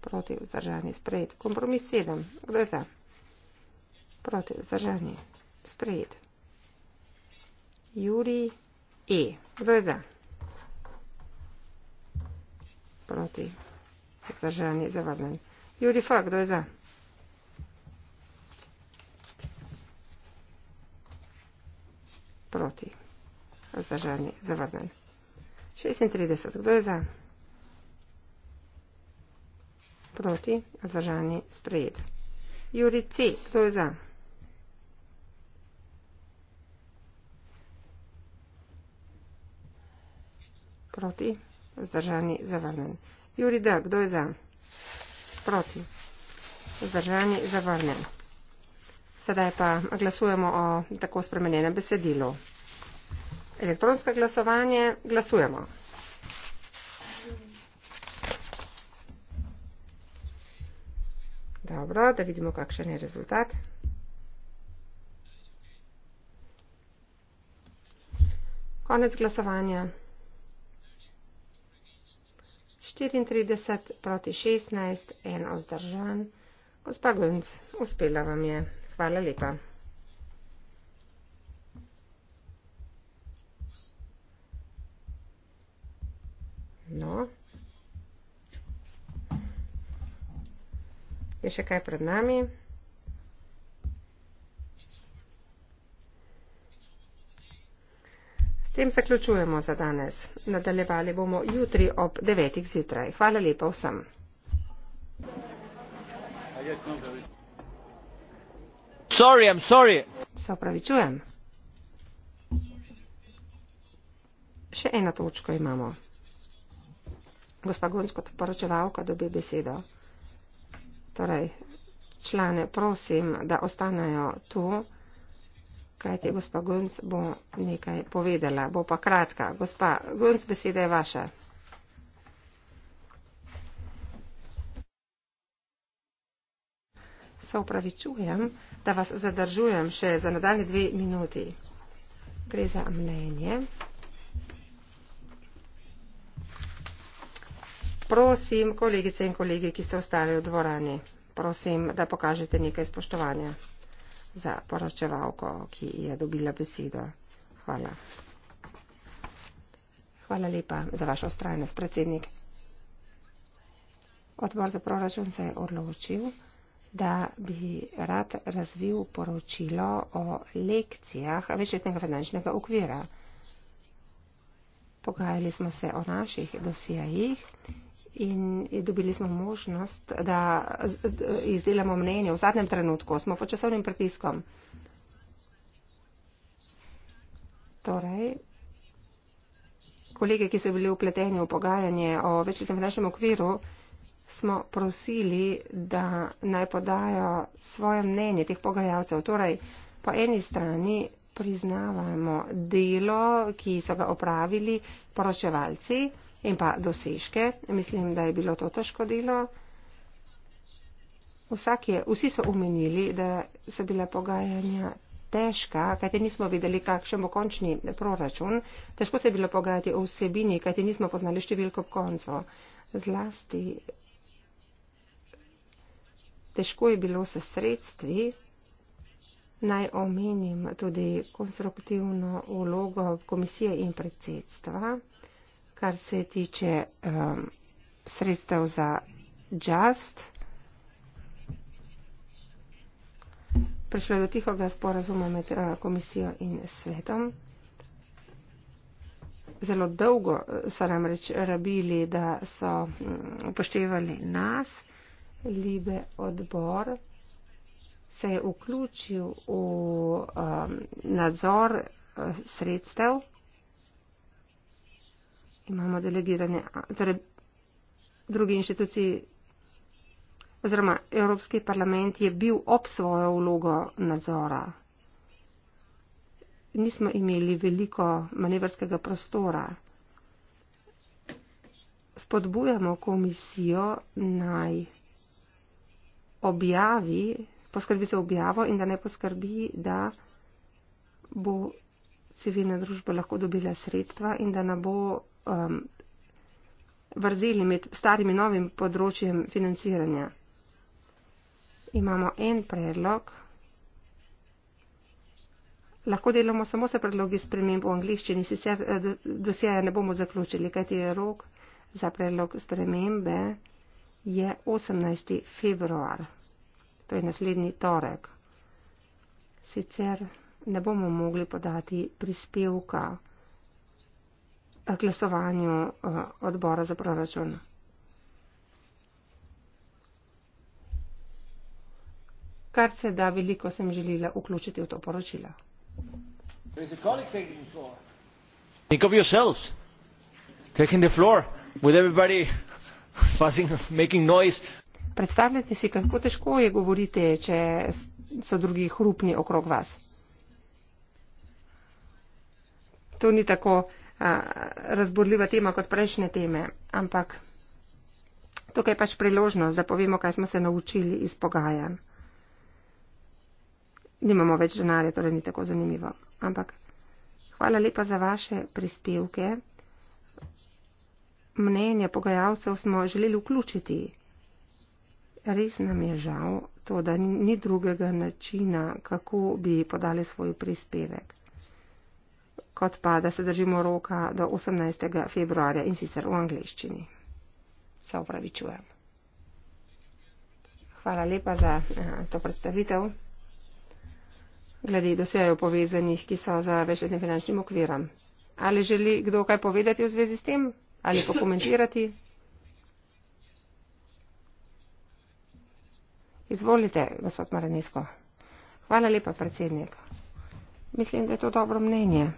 Proti. Vzdržani sprejet. Kompromis 7. Kdo je za? Против задържание. Спрейт. Юли И. Кто за? Против задържание. Завърнане. Юли Фа. Кто за? Против задържание. Завърнане. 36. Кто за? Против задържание. Спрейт. Юрий Ци. Кто за? Против Proti. Zdržani. Zavrnen. Juri, da. Kdo je za? Proti. Zdržani. Zavrnen. Sedaj pa glasujemo o tako spremenjenem besedilu. Elektronsko glasovanje. Glasujemo. Dobro, da vidimo, kakšen je rezultat. Konec glasovanja. 34 proti 16, en ozdržan. Gospa Gunc, uspela vam je. Hvala lepa. No. Je še kaj pred nami? tem zaključujemo za danes. Nadaljevali bomo jutri ob 9. zjutraj. Hvala lepa vsem. Sorry, I'm sorry. Se opravičujem. Še eno točko imamo. Gospa Gonc kot poročevalka dobi besedo. Torej, člane prosim, da ostanejo tu kajti gospa Gunc bo nekaj povedala. Bo pa kratka. Gospa Gunc, beseda je vaša. Se upravičujem, da vas zadržujem še za nadalje dve minuti. Gre za mnenje. Prosim, kolegice in kolegi, ki ste ostali v dvorani, prosim, da pokažete nekaj spoštovanja za poročevalko, ki je dobila besedo. Hvala. Hvala lepa za vašo ustrajnost, predsednik. Odbor za proračun se je odločil, da bi rad razvil poročilo o lekcijah večletnega finančnega okvira. Pogajali smo se o naših dosijajih in dobili smo možnost, da izdelamo mnenje. V zadnjem trenutku smo pod časovnim pritiskom. Torej, kolege, ki so bili upleteni v pogajanje o večletnem finančnem okviru, smo prosili, da naj podajo svoje mnenje teh pogajalcev. Torej, po eni strani priznavamo delo, ki so ga opravili poročevalci in pa dosežke. Mislim, da je bilo to težko delo. Je, vsi so omenili, da so bile pogajanja težka, kajti nismo videli, kakšen bo končni proračun. Težko se je bilo pogajati o vsebini, kajti nismo poznali številko konco. Zlasti težko je bilo se sredstvi. Naj omenim tudi konstruktivno vlogo komisije in predsedstva kar se tiče um, sredstev za JAST. Prišlo je do tihoga sporazuma med uh, komisijo in svetom. Zelo dolgo uh, so nam reč rabili, da so mm, upoštevali nas, Libe odbor se je vključil v um, nadzor uh, sredstev imamo delegirane, torej drugi inštituciji oziroma Evropski parlament je bil ob svojo vlogo nadzora. Nismo imeli veliko manevrskega prostora. Spodbujamo komisijo naj objavi, poskrbi za objavo in da ne poskrbi, da bo civilna družba lahko dobila sredstva in da ne bo um, vrzeli med starim in novim področjem financiranja. Imamo en predlog. Lahko delamo samo se predlogi sprememb v angliščini, sicer eh, dosjeja ne bomo zaključili, kajti je rok za predlog spremembe je 18. februar, to je naslednji torek. Sicer ne bomo mogli podati prispevka glasovanju eh, odbora za proračun. Kar se da veliko sem želila vključiti v to poročilo. Think of yourselves, taking the floor with everybody fuzzing, making noise. Predstavljate si, kako težko je govoriti, če so drugi hrupni okrog vas. To ni tako razborljiva tema kot prejšnje teme, ampak tukaj je pač priložnost, da povemo, kaj smo se naučili iz pogajanj. Nimamo več denarja, torej ni tako zanimivo. Ampak hvala lepa za vaše prispevke. Mnenje pogajalcev smo želeli vključiti. Res nam je žal to, da ni drugega načina, kako bi podali svoj prispevek kot pa, da se držimo roka do 18. februarja in sicer v angliščini. Se upravičujem. Hvala lepa za eh, to predstavitev. Glede dosejo povezanih, ki so za večletnim finančnim okviram. Ali želi kdo kaj povedati v zvezi s tem? Ali pokomentirati? Izvolite, gospod Maranesko. Hvala lepa, predsednik. Mislim, da je to dobro mnenje.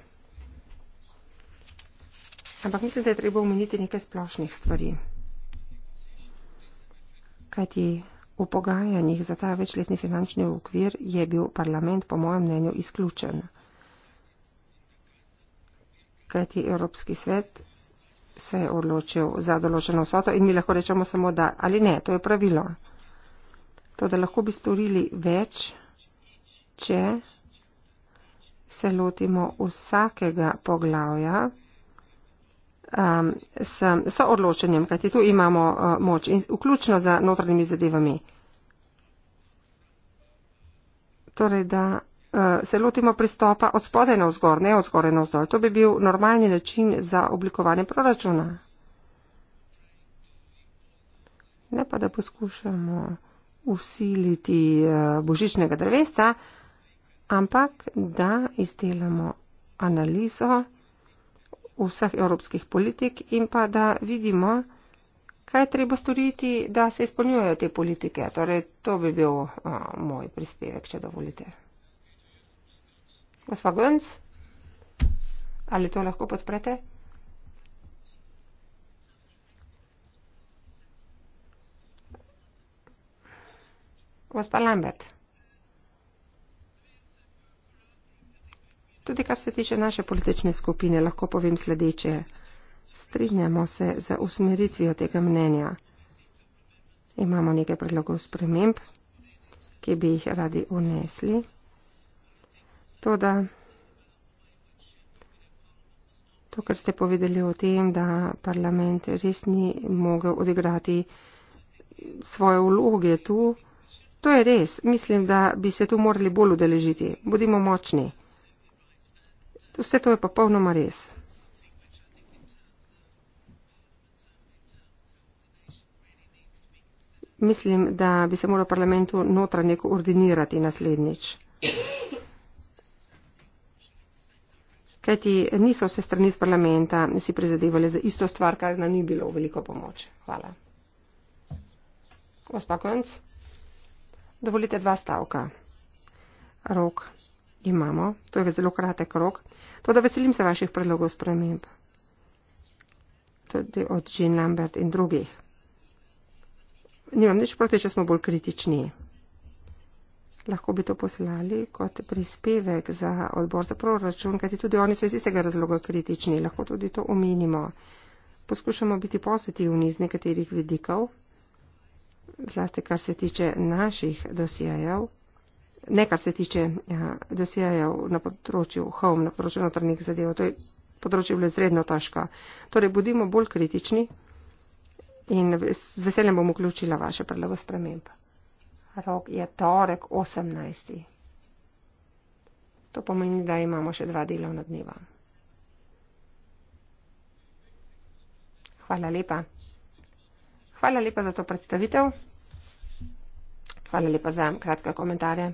Ampak mislim, da je treba omeniti nekaj splošnih stvari. Kajti v pogajanjih za ta večletni finančni okvir je bil parlament, po mojem mnenju, izključen. Kajti Evropski svet se je odločil za določeno vsoto in mi lahko rečemo samo da ali ne, to je pravilo. To, da lahko bi storili več, če se lotimo vsakega poglavja um, s, s odločenjem, kajti tu imamo uh, moč, in, vključno za notranjimi zadevami. Torej, da uh, se lotimo pristopa od spodaj na vzgor, ne od zgore na vzdolj. To bi bil normalni način za oblikovanje proračuna. Ne pa, da poskušamo usiliti uh, božičnega drevesa, ampak da izdelamo analizo vseh evropskih politik in pa da vidimo, kaj je treba storiti, da se izpolnjujejo te politike. Torej, to bi bil a, uh, moj prispevek, če dovolite. Gospa Gönc, ali to lahko podprete? Gospa Lambert. Tudi kar se tiče naše politične skupine, lahko povem sledeče. Strinjamo se za usmeritvijo tega mnenja. Imamo nekaj predlogov sprememb, ki bi jih radi unesli. Toda to, kar ste povedali o tem, da parlament res ni mogel odigrati svoje vloge tu, to je res. Mislim, da bi se tu morali bolj udeležiti. Bodimo močni. Vse to je popolnoma res. Mislim, da bi se moral parlamentu notranje koordinirati naslednjič. Kajti niso vse strani iz parlamenta si prizadevali za isto stvar, kar nam ni bilo veliko pomoč. Hvala. Gospa Konc, dovolite dva stavka. Rok. Imamo, to je zelo kratek rok, to da veselim se vaših predlogov sprememb. Tudi od Jean Lambert in drugih. Nimam nič proti, če smo bolj kritični. Lahko bi to poslali kot prispevek za odbor za proračun, kajti tudi oni so iz istega razloga kritični. Lahko tudi to omenimo. Poskušamo biti pozitivni iz nekaterih vidikov, zlasti kar se tiče naših dosijajev ne kar se tiče ja, dosijajev na področju home, na področju notranjih zadev, to je področje bilo izredno težko. Torej, bodimo bolj kritični in z veseljem bom vključila vaše predlogo sprememb. Rok je torek 18. To pomeni, da imamo še dva delovna dneva. Hvala lepa. Hvala lepa za to predstavitev. Hvala lepa za kratke komentarje.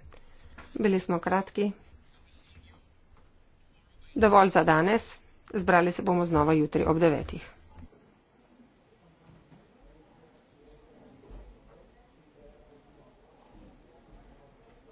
Bili smo kratki. Dovolj za danes. Zbrali se bomo znova jutri ob devetih.